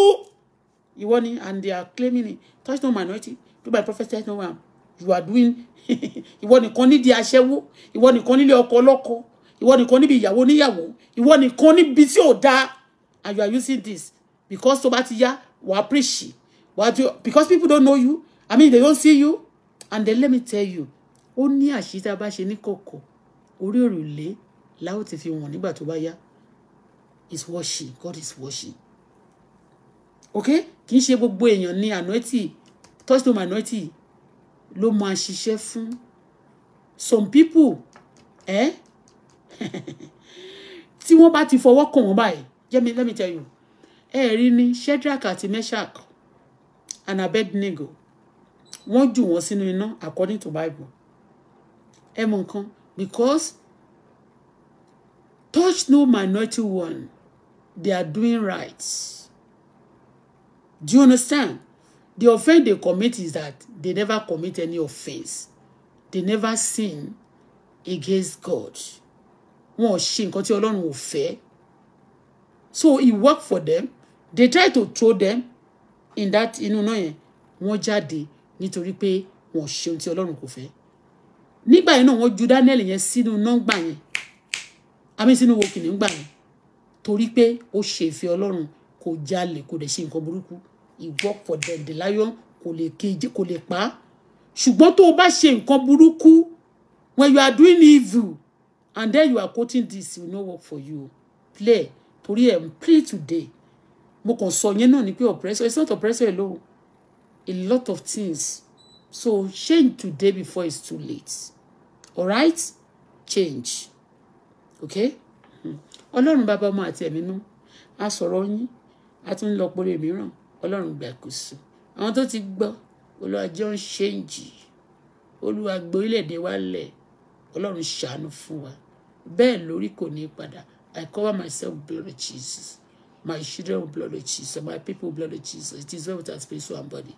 ìwọ ni and they are claiming it touch no minority do my prophet touch no harm you are doing ìwọ nìkan nídìí aṣẹ́wó ìwọ nìkan nílé ọkọ ọlọ́kọ ìwọ nìkan níbi ìyàwó níyàwó ìwọ nìkan níbi tí ò dáa and you are using this because tó bá ti yá wàá preach wàá do because people don't know you i mean they don't see you and then let me tell you ó ní àṣírí a bá ṣe ní kọ̀kọ̀ orí òrùlé láwọ ti fi wọ̀n nígbà tó bá yá is washing god is washing okay kì í ṣe gbogbo èèyàn ní anointing touch to my anointing ló máa ṣiṣẹ́ fún some people eh? tí wọ́n bá ti fọwọ́ kàn wọ́n báyìí jẹ́mi let me tell you ẹ rí ni Shedrack àti Meshach and Abednego wọ́n jù wọ́n sínú iná according to Bible ẹ mọ nǹkan because touch no minority one they are doing right do you understand The offense they commit is that they never commit any offense. They never sin against God. Wọn ò ṣe nǹkan tí So he worked for them. They try to throw them in that inú náà yẹn. Wọ́n jáde nítorí pé wọn ò ṣe ohun tí Ọlọ́run kò fẹ́. Nígbà yẹn náà wọ́n ju Daniel yẹn sínú nọ́ngbà yẹn. Àmì sínú wo kìnìún gbà yẹn. Torí pé ó ṣe ìfẹ́ Ọlọ́run kò jalè kò dẹ̀ ṣe nǹkan burúkú ìwọ for the lion kò lè kejì kò lè pa á ṣùgbọ́n tó o bá ṣe nǹkan burúkú when you are doing evil and then you are quoting this will not work for you play torí ẹ̀ ń play today mo kàn sọ yẹn náà ni pé oppressor it's not oppressor alone a lot of things so change today before it's too late alright change okay hmm. ọlọ́run bàbá ọmọ àti ẹ̀mí nú a sọ̀rọ̀ yín a tún ń lọ pọ̀lẹ̀ mìíràn ọlọ́run gbàkóso àwọn tó ti gbọ́ olùwàjọ ń ṣèǹjì olúwa gbé orílẹ̀-èdè wa lẹ̀ ọlọ́run ṣàánú fún wa bẹ́ẹ̀ lórí kò ní padà I cover myself with blood of Jesus my children with blood of Jesus my people with blood of Jesus it is well with our spiritual and body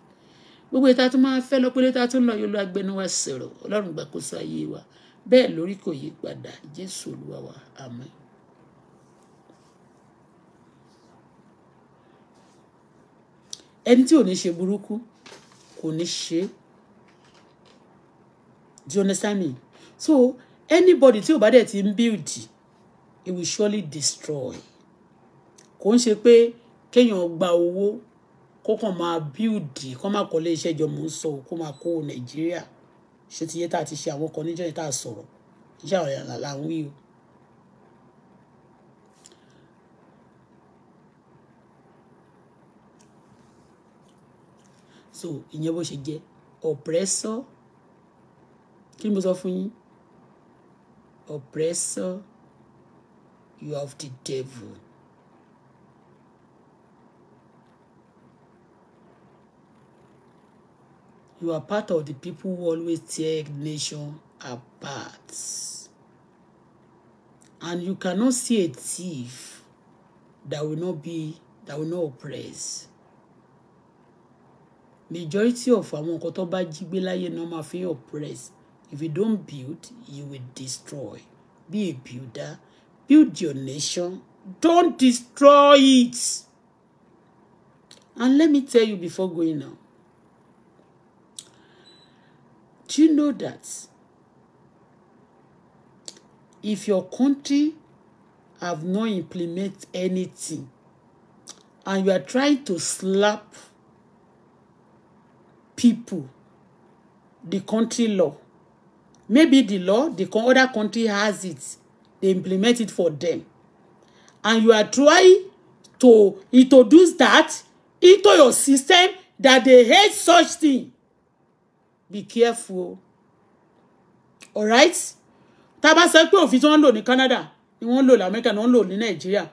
gbogbo ìta tó máa fẹ́ lọ́pẹ́lẹ́ ta tó ń lọ yóò lọ agbẹnu wa sọ̀rọ̀ ọlọ́run gbàkóso ayé wa bẹ́ẹ̀ lórí kò yí padà Jésù olúwa wa amen. ẹni tí ò ní ṣe burúkú kò ní ṣe do you understand me so anybody tí ò bá dẹ̀ ti ń build it will surely destroy kò ń ṣe pé kéèyàn gba owó kó kàn máa build kó máa kọ́lé iṣẹ́ ìjọ mò ń sọ kó máa kó nàìjíríà ṣe ti yẹ tá a ti ṣe àwọn kan níjọ́ yẹn tá a sọ̀rọ̀ níjà ọ̀rẹ́ làlá wí o so ìyẹn bó ṣe jẹ́ oppressor kí ni mo sọ fún yín oppressor you are of the devil. You are part of the people who always tear nation apart. And you cannot see a thief that will not be, that will not oppress majority of àwọn nǹkan tó bá jí gbé láyé náà máa fi oppress if you don't build you will destroy be a builder build your nation don't destroy it and let me tell you before going now do you know that if your country have not implement anything and you are trying to slap people the country law maybe the law the other country has it they implement it for them and you are trying to introduce that into your system that they hate such thing be careful All right, a bá sọ pé in Canada ni wọ́n ń lò lamẹ́ríkà ni wọ́n ń lò ní Nàìjíríà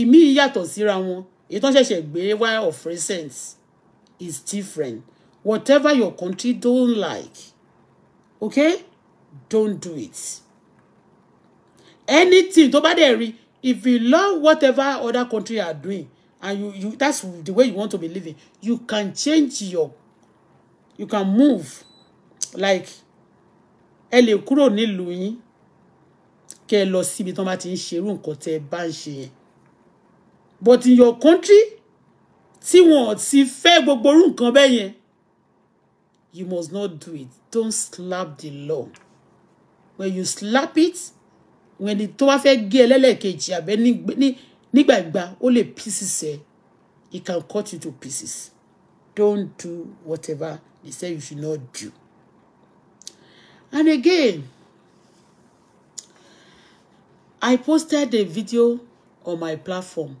ìmí yàtọ̀ síra wọn èyí tó of recent is different Whatever your country don't like, okay, don't do it. Anything, tó bá if you love whatever other country are doing, and you, you that's the way you want to be living, you can change your, you can move, like, ẹ lè kúrò nílùú yín, kẹ́ ẹ lọ síbi tó bá ti ń ṣerú nǹkan But in your country, tí wọn ò ti fẹ́ gbogbo orú nǹkan bẹ́ẹ̀ yẹn, you must not do it don't slap the law when you slap it when the tó bá fẹ́ gé ni abẹ́ nígbàgbà ó lè pieces say, it can cut you to pieces don't do whatever they say you should not do and again I posted a video on my platform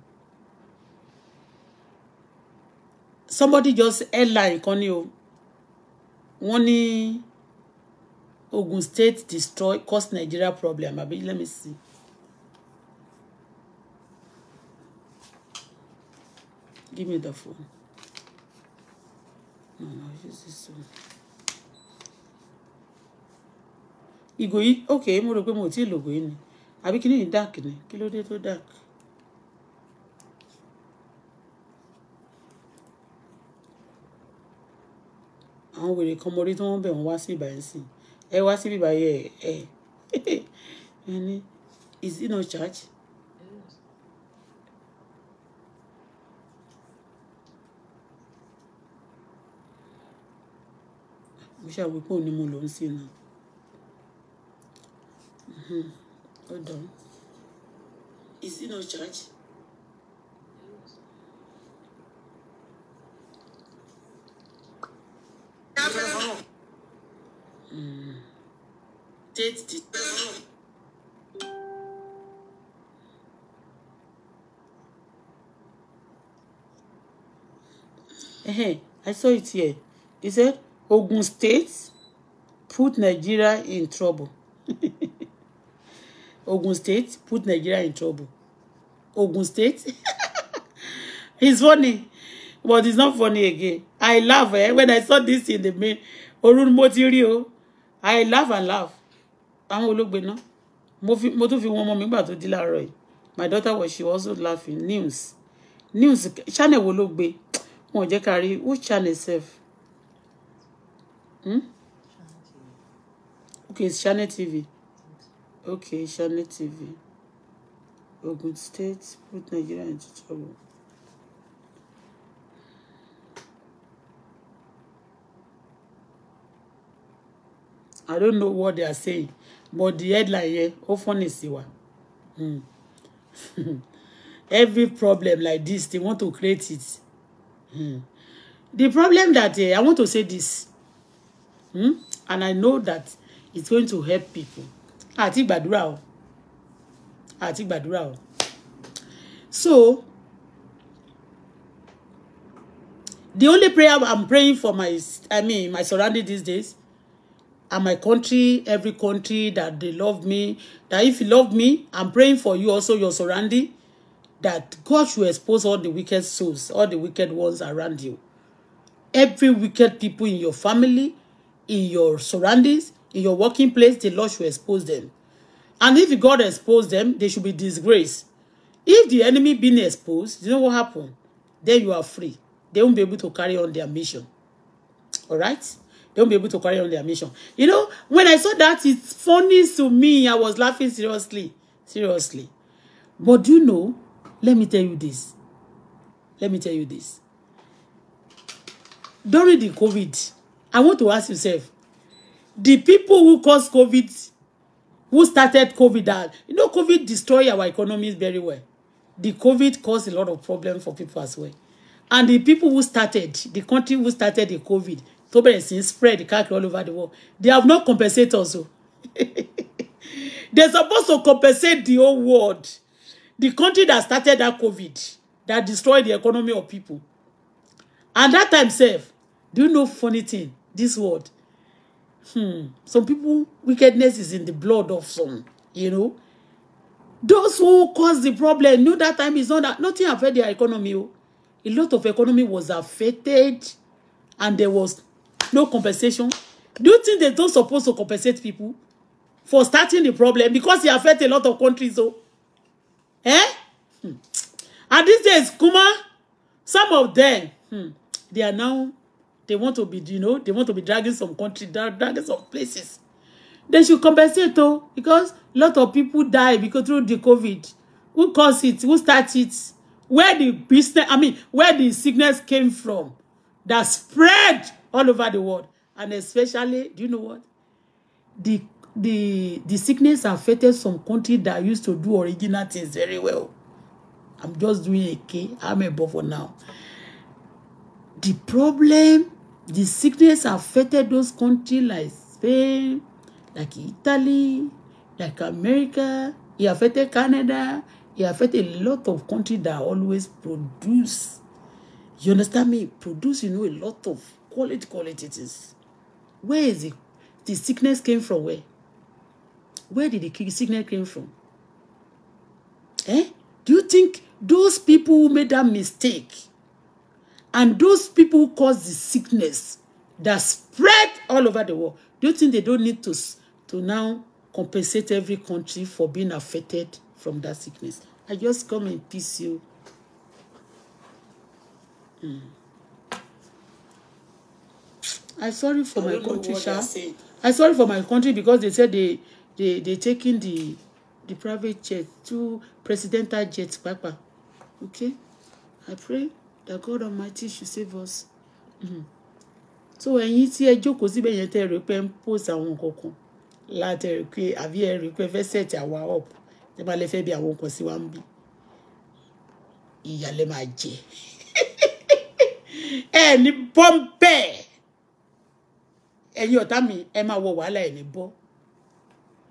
somebody just headline kan ni o wọ́n ní Ogun State destroy cause Nigeria problem Abi, let me see. Give me the phone. No, no, use this one. Ìgò okay, mo rò pé mo ti lògò yìí ni. Àbí kí ni dark ni? Kí ló dé tó dark? àwọn wèrè kan mo rí tí wọ́n bẹ̀ wọ́n wá sí ìbàyẹn sí ẹ wá sí ìbàyẹ ẹ ẹ ní is it not church. mo ṣàwé pé òun ni mo lò ń sí náà ó hmm, dán is it not church. state ti tẹ́ lọ́rùn. I saw it here. He said, Ogun State put Nigeria in trouble. Ogun State put Nigeria in trouble. Ogun State. It's funny, but it's not funny again. I laugh eh, when I saw this in the main. Orun mo I laugh and laugh àwọn olóògbé náà mo mo tún fi wọn ọmọ mi gbà tó di láàárọ̀ yìí my daughter was she also laughing news news channel wo ló gbé wọn ò jẹ́ ká rí which channel sef hmm? okay it's channel tv okay channel tv Ogun State put Nigeria into trouble. I don't know what they are saying but the headline yẹn ó fọ́nì sí wa hmm. every problem like this they want to create it mm. the problem that uh, I want to say this mm, and I know that it's going to help people àti gbàdúrà o àti gbàdúrà o so the only prayer I'm praying for my I mean my surrounding these days and my country, every country that they love me, that if you love me, I'm praying for you also, your surrounding, that God should expose all the wicked souls, all the wicked ones around you. Every wicked people in your family, in your surroundings, in your working place, the Lord should expose them. And if God expose them, they should be disgraced. If the enemy being exposed, you know what happened? Then you are free. They won't be able to carry on their mission. All right? Don't be able to carry on their mission. You know, when I saw that, it's funny to me. I was laughing seriously. Seriously. But do you know, let me tell you this. Let me tell you this. During the COVID, I want to ask yourself, the people who caused COVID, who started COVID, that, you know, COVID destroyed our economies very well. The COVID caused a lot of problems for people as well. And the people who started, the country who started the COVID, tó bẹ̀rẹ̀ sí spread káàkiri all over the world they have not compensated us o they supposed to compensate the whole world the country that started that covid that destroyed the economy of people and that time sef do you know funny thing this world hmm, some people wickedness is in the blood of some you know those who cause the problem know that time is not that nothing affect their economy o a lot of economy was affected and there was no compensation do you think they don't supposed to compensate people for starting the problem because e affect a lot of countries o eh hmm. and these days kuma some of them hmm, they are now they want to be you know they want to be dragging some country dragging some places they should compensate o because a lot of people die because through the COVID who caused it who start it where the business i mean where the sickness came from that spread all over the world. And especially, do you know what? The the the sickness affected some country that used to do original things very well. I'm just doing a key. I'm above for now. The problem, the sickness affected those countries like Spain, like Italy, like America. It affected Canada. It affected a lot of countries that always produce. You understand me? Produce, you know, a lot of Quality, quality, it, it is. Where is it? The sickness came from where? Where did the sickness came from? Eh? Do you think those people who made that mistake and those people who caused the sickness that spread all over the world, do you think they don't need to, to now compensate every country for being affected from that sickness? I just come and peace you. Mm. I sorry for I my country, Sha. I sorry for my country because they said they they they taking the the private jet to presidential jet, Papa. Okay, I pray that God Almighty should save us. Mm-hmm. So when you see a joke, you tẹ́ ẹ rí pé ń post àwọn nǹkan kan Later, rí pé àbí ẹ rí a fẹ́ up tẹ́ bá lè fẹ́ bí àwọn nǹkan sí wa ń bí ìyàlẹ́ máa jẹ ẹ ní ẹ̀yin ọ̀tá mi ẹ máa wọ wàhálà ẹ̀ ní bọ́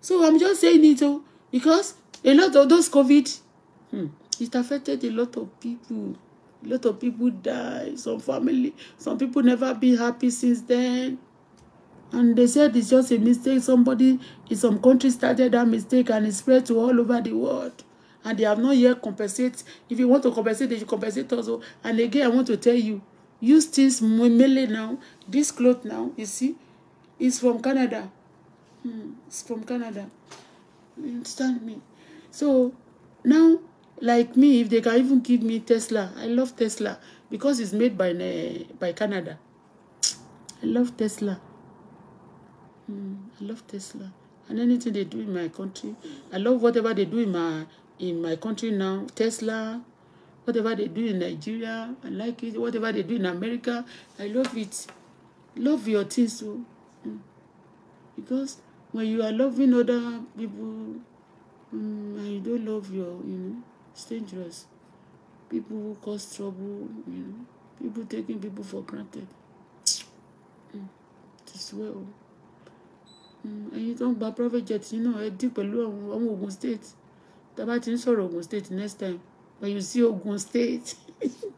so i'm just saying it o because a lot of those covid hmm, it affected a lot of people a lot of people die some family some people never been happy since then and they said it's just a mistake somebody in some country started that mistake and it spread to all over the world and they have not yet compensate if you want to compensate they should compensate also and again i want to tell you use things melee now this cloth now you see Is from Canada. Mm, he's from Canada. You understand me? So now, like me, if they can even give me Tesla, I love Tesla because it's made by uh, by Canada. I love Tesla. Mm, I love Tesla. And anything they do in my country, I love whatever they do in my in my country now. Tesla, whatever they do in Nigeria, I like it. Whatever they do in America, I love it. Love your things. So because when you are loving other people um, and you don't love your you know it's dangerous people who cause trouble you know people taking people for granted mm, it's well mm, and you ń gba private jet yìí náà ẹ dì pẹ̀lú ọmọ Ogun State tá a bá Ogun State next time when you see Ogun State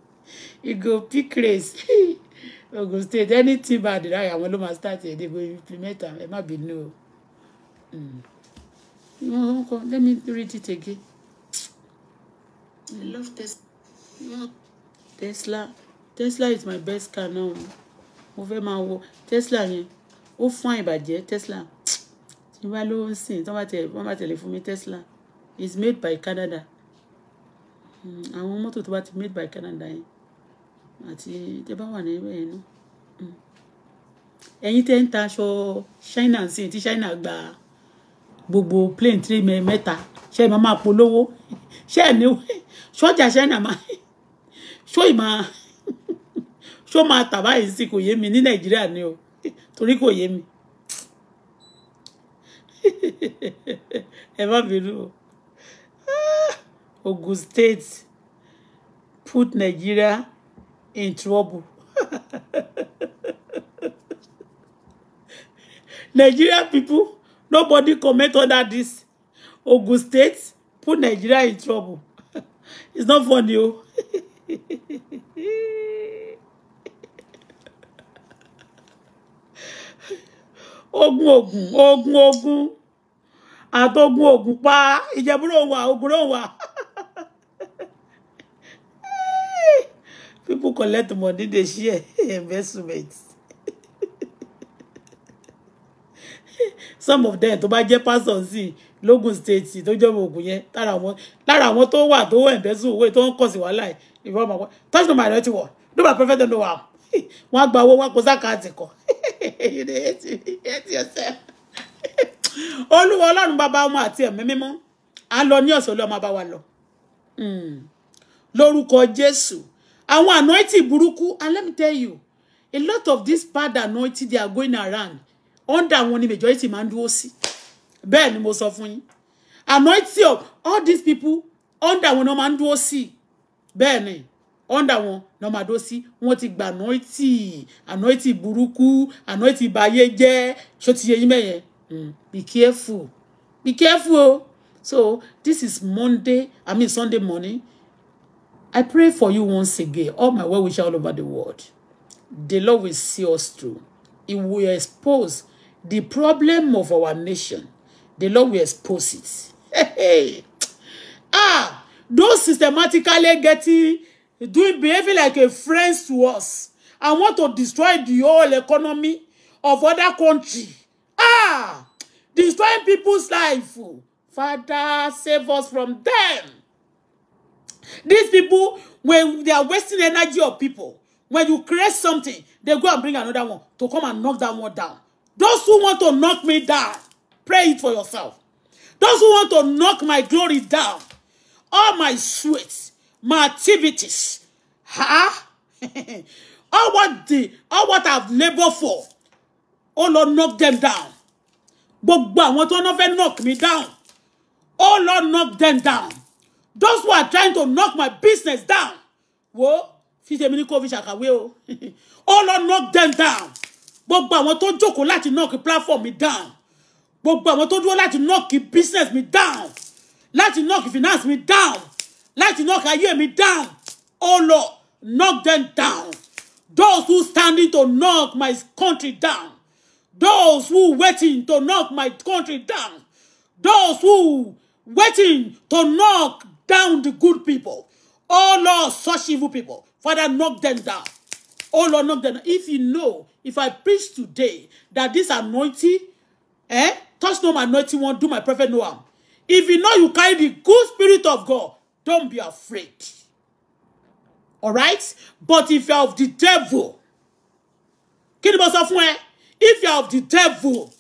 you go pick race. Ogun State anything bad láyé àwọn ló máa start ẹ̀ go implement am ẹ má bínú o. Hmm. Let me read it again. I love Tesla. Tesla is my best car now mo fẹ́ máa wọ Tesla yẹn ó fún àìbàjẹ́ Tesla tí wọ́n ló ń sìn tí wọ́n bá tẹ̀lé fún mi Tesla is made by Canada hmm, àwọn mọ́tò tó bá ti made by Canada yẹn àti tẹ bá wà níbẹ̀ yẹn náà mm. ẹ̀yin tẹ́ ń ta aṣọ China sí ti China gba gbogbo plane three mẹ́ta ṣé ẹ máa máa polówó ṣé ẹ ní ṣọ́jà China máa ṣó ì máa ṣó máa tà báyìí sí kò yé mi ní Nàìjíríà ni o torí kò yé mi ẹ má bínú ah! Ogun State put Nigeria in trouble. Nigeria people, nobody comment on that. this. Ogun State put Nigeria in trouble. It's not funny, oh. ogun ogun ogun ogun At ogun Ogun, pa ìjẹ̀bú ló wà ogun ló wà. people collect money dey share investment some of them tó bá jẹ́ pastor sí logun state tó jẹ́ oògùn yẹn lára àwọn lára àwọn tó wà invest? ẹ̀bẹ́sùn owó tó ń kọ̀ sí wàhálà yìí ìfọwọ́ máa wọ́n touch the minority right wọ̀ do my perfect no wow wọ́n á gba owó wá kó sákàtì kọ́ you dey hate hate yourself olúwa ọlọ́run bàbá ọmọ àti ẹ̀mí mímọ́ à ń lọ ní ọ̀sẹ̀ olúwa máa bá wa lọ hmm. lórúkọ jésù àwọn anointing burúkú and let me tell you a lot of this bad anointing they are going around under àwọn ni majority máa ń dúró sí bẹ́ẹ̀ ni mo sọ fún yín anointing of all these people under àwọn náà máa ń dúró sí bẹ́ẹ̀ ni under wọn náà máa dúró sí wọ́n ti gba anointing anointing burúkú anointing bayé jẹ́ ṣó ti yẹ yín mẹ́yẹn hmm, be careful be careful o so this is Monday I mean Sunday morning I pray for you once again, all my well wishes all over the world. The Lord will see us through. He will expose the problem of our nation. The Lord will expose it. Hey, hey. Ah, those systematically getting, doing behaving like a friends to us. I want to destroy the whole economy of other country. Ah, destroying people's life. Father, save us from them. These people, when they are wasting energy of people, when you create something, they go and bring another one to come and knock that one down. Those who want to knock me down, pray it for yourself. Those who want to knock my glory down, all my sweets, my activities, huh? all what the, all what I've labored for, oh Lord, knock them down. But àwọn want to knock me down, oh Lord, knock them down those who are trying to knock my business down wo fi tèmi ní kó fi ṣàkàwé o all on knock them down gbogbo àwọn tó jókòó láti knock platform mi down gbogbo àwọn tó dúró láti knock business mi down láti knock finance mi down láti knock ayé mi down all on knock them down those who standing to knock my country down those who waiting to knock my country down those who waiting to knock down the good people. Oh Lord, such evil people. Father, knock them down. Oh Lord, knock them down. If you know, if I preach today that this anointing, eh, touch no anointing won't do my prophet no harm. If you know you carry the good spirit of God, don't be afraid. All right? But if you're of the devil, kí ni If you're of the devil,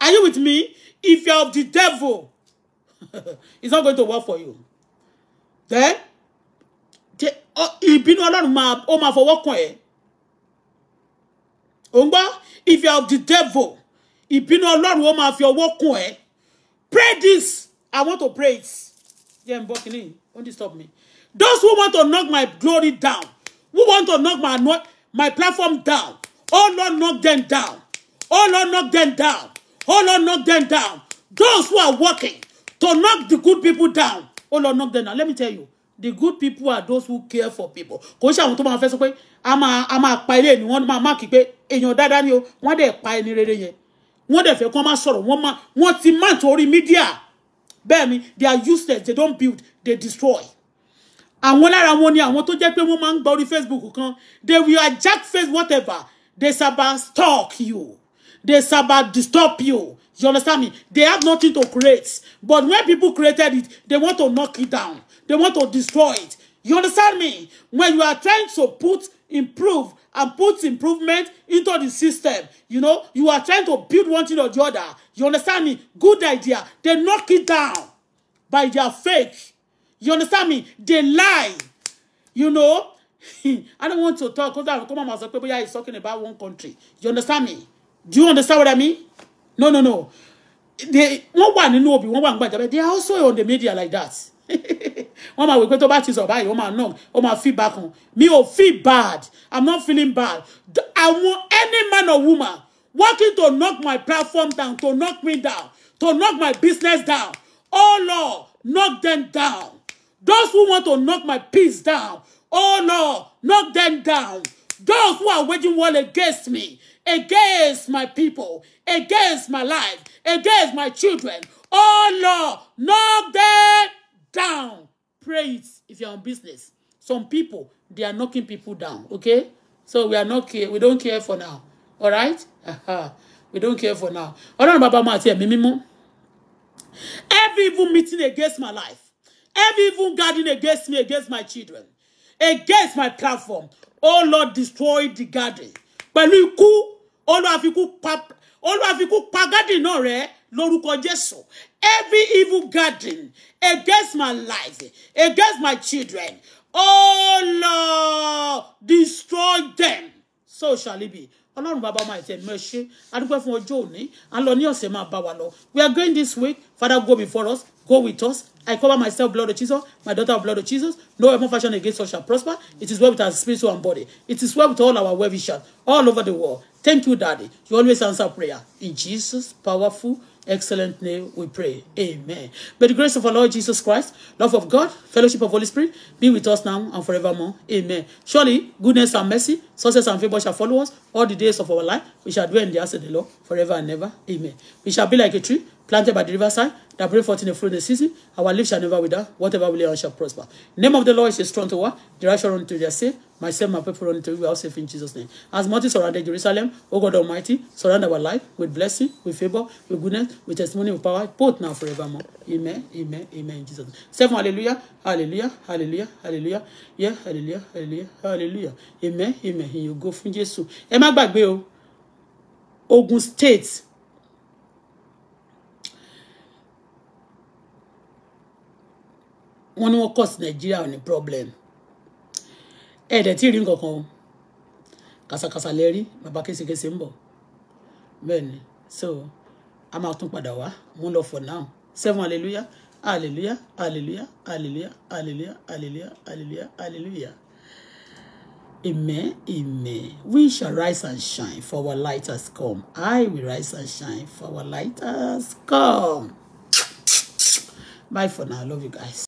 are you with me? If you're of the devil, it's not going to work for you then oh, if you know Lord, máa oh kàn for ò ń gbọ́ if you are the devil if you know Lord, oh máa if you kàn ẹ́ pray this i want to pray it yeah I'm mbọ in. don't disturb me those who want to knock my glory down who want to knock my my platform down oh lord knock them down oh lord knock them down oh lord knock them down those who are working to knock the good people down oh Lord, knock them down let me tell you the good people are those who care for people kò ṣe àwọn tó máa fẹ́ sọ pé a máa a máa pa ilé ni wọ́n máa máa kí pé èèyàn dáadáa ni o wọ́n dẹ̀ pa ẹni rere yẹn wọ́n dẹ̀ fẹ́ kó máa sọ̀rọ̀ wọ́n máa wọ́n ti máa torí mídíà bẹ́ẹ̀ ni they are useless they don't build they destroy àwọn lára wọn ni àwọn tó jẹ́ pé wọ́n máa ń gba orí facebook kan they will hijack face whatever they saba stalk you they saba disturb you You understand me? They have nothing to create. But when people created it, they want to knock it down. They want to destroy it. You understand me? When you are trying to put improve and put improvement into the system, you know, you are trying to build one thing or the other. You understand me? Good idea. They knock it down by their fake. You understand me? They lie. You know? I don't want to talk because I will come and say, people, yeah, is talking about one country. You understand me? Do you understand what I mean? no no no they wọ́n wà nínú òbí wọ́n wà nígbà ìjàmbá they are also on the media like that wọ́n máa wí pé tó bá ti sọ báyìí wọ́n máa nà wọ́n máa feel back on mi ò feel bad i'm not feeling bad àwọn any man or woman working to knock my platform down to knock me down to knock my business down oh lord knock them down those who want to knock my peace down oh lord knock them down those who are waging war against me against my people, against my life, against my children. Oh Lord, knock them down. Pray it if you're on business. Some people, they are knocking people down, okay? So we are not care, we don't care for now. All right? We don't care for now. Ọlọ́run bàbá máa ti ẹ̀mí mímú. Every evil meeting against my life, every evil garden against me, against my children, against my platform, oh Lord, destroy the gathering. Pẹ̀lú ikú olúwa fi kú pa olúwa fi kú garden náà rẹ́ lórúkọ jésù every evil garden against my life against my children oh lord destroy them so shall it be ọlọ́run bàbá máa tẹ̀ mọ́ ṣe adúpẹ́ fún ọjọ́ òní à ń lọ ní ọ̀sẹ̀ máa bá wa lọ we are going this way father go before us go with us I cover myself blood of Jesus my daughter of blood of Jesus no weapon fashion against us shall prosper it is well with our spirit and body it is well with all our well wishers all over the world Thank you, Daddy. You always answer prayer. In Jesus' powerful, excellent name we pray. Amen. By the grace of our Lord Jesus Christ, love of God, fellowship of Holy Spirit, be with us now and forevermore. Amen. Surely, goodness and mercy, success and favor shall follow us all the days of our life. We shall dwell in the house of the Lord forever and ever. Amen. We shall be like a tree planted by the riverside that bring forth in the fruit of the season. Our lips shall never wither. Whatever we lay on shall prosper. Name of the Lord is a strong tower. The righteous run to their safe. Myself, my people run to you. We are safe in Jesus' name. As multi surrounded Jerusalem, O God Almighty, surround our life with blessing, with favor, with goodness, with testimony, with power, both now forevermore. Amen, amen, amen. In Jesus' name. Seven, hallelujah, hallelujah, hallelujah, hallelujah. Yeah, hallelujah, hallelujah, hallelujah. Amen, amen. You go from Jesus. Emma má Ogun states. wọ́n ní wọ́n kọ̀ sí ní problem ẹ̀ dẹ̀ tí ì rí nǹkan kan o kàsàkàsà lè rí bàbá késekése ń bọ̀ bẹ́ẹ̀ ni so a máa tún padà wá mú lọ for now seven hallelujah hallelujah hallelujah hallelujah hallelujah hallelujah hallelujah hallelujah amen amen we shall rise and shine for our light has come i will rise and shine for our light has come bye for now love you guys.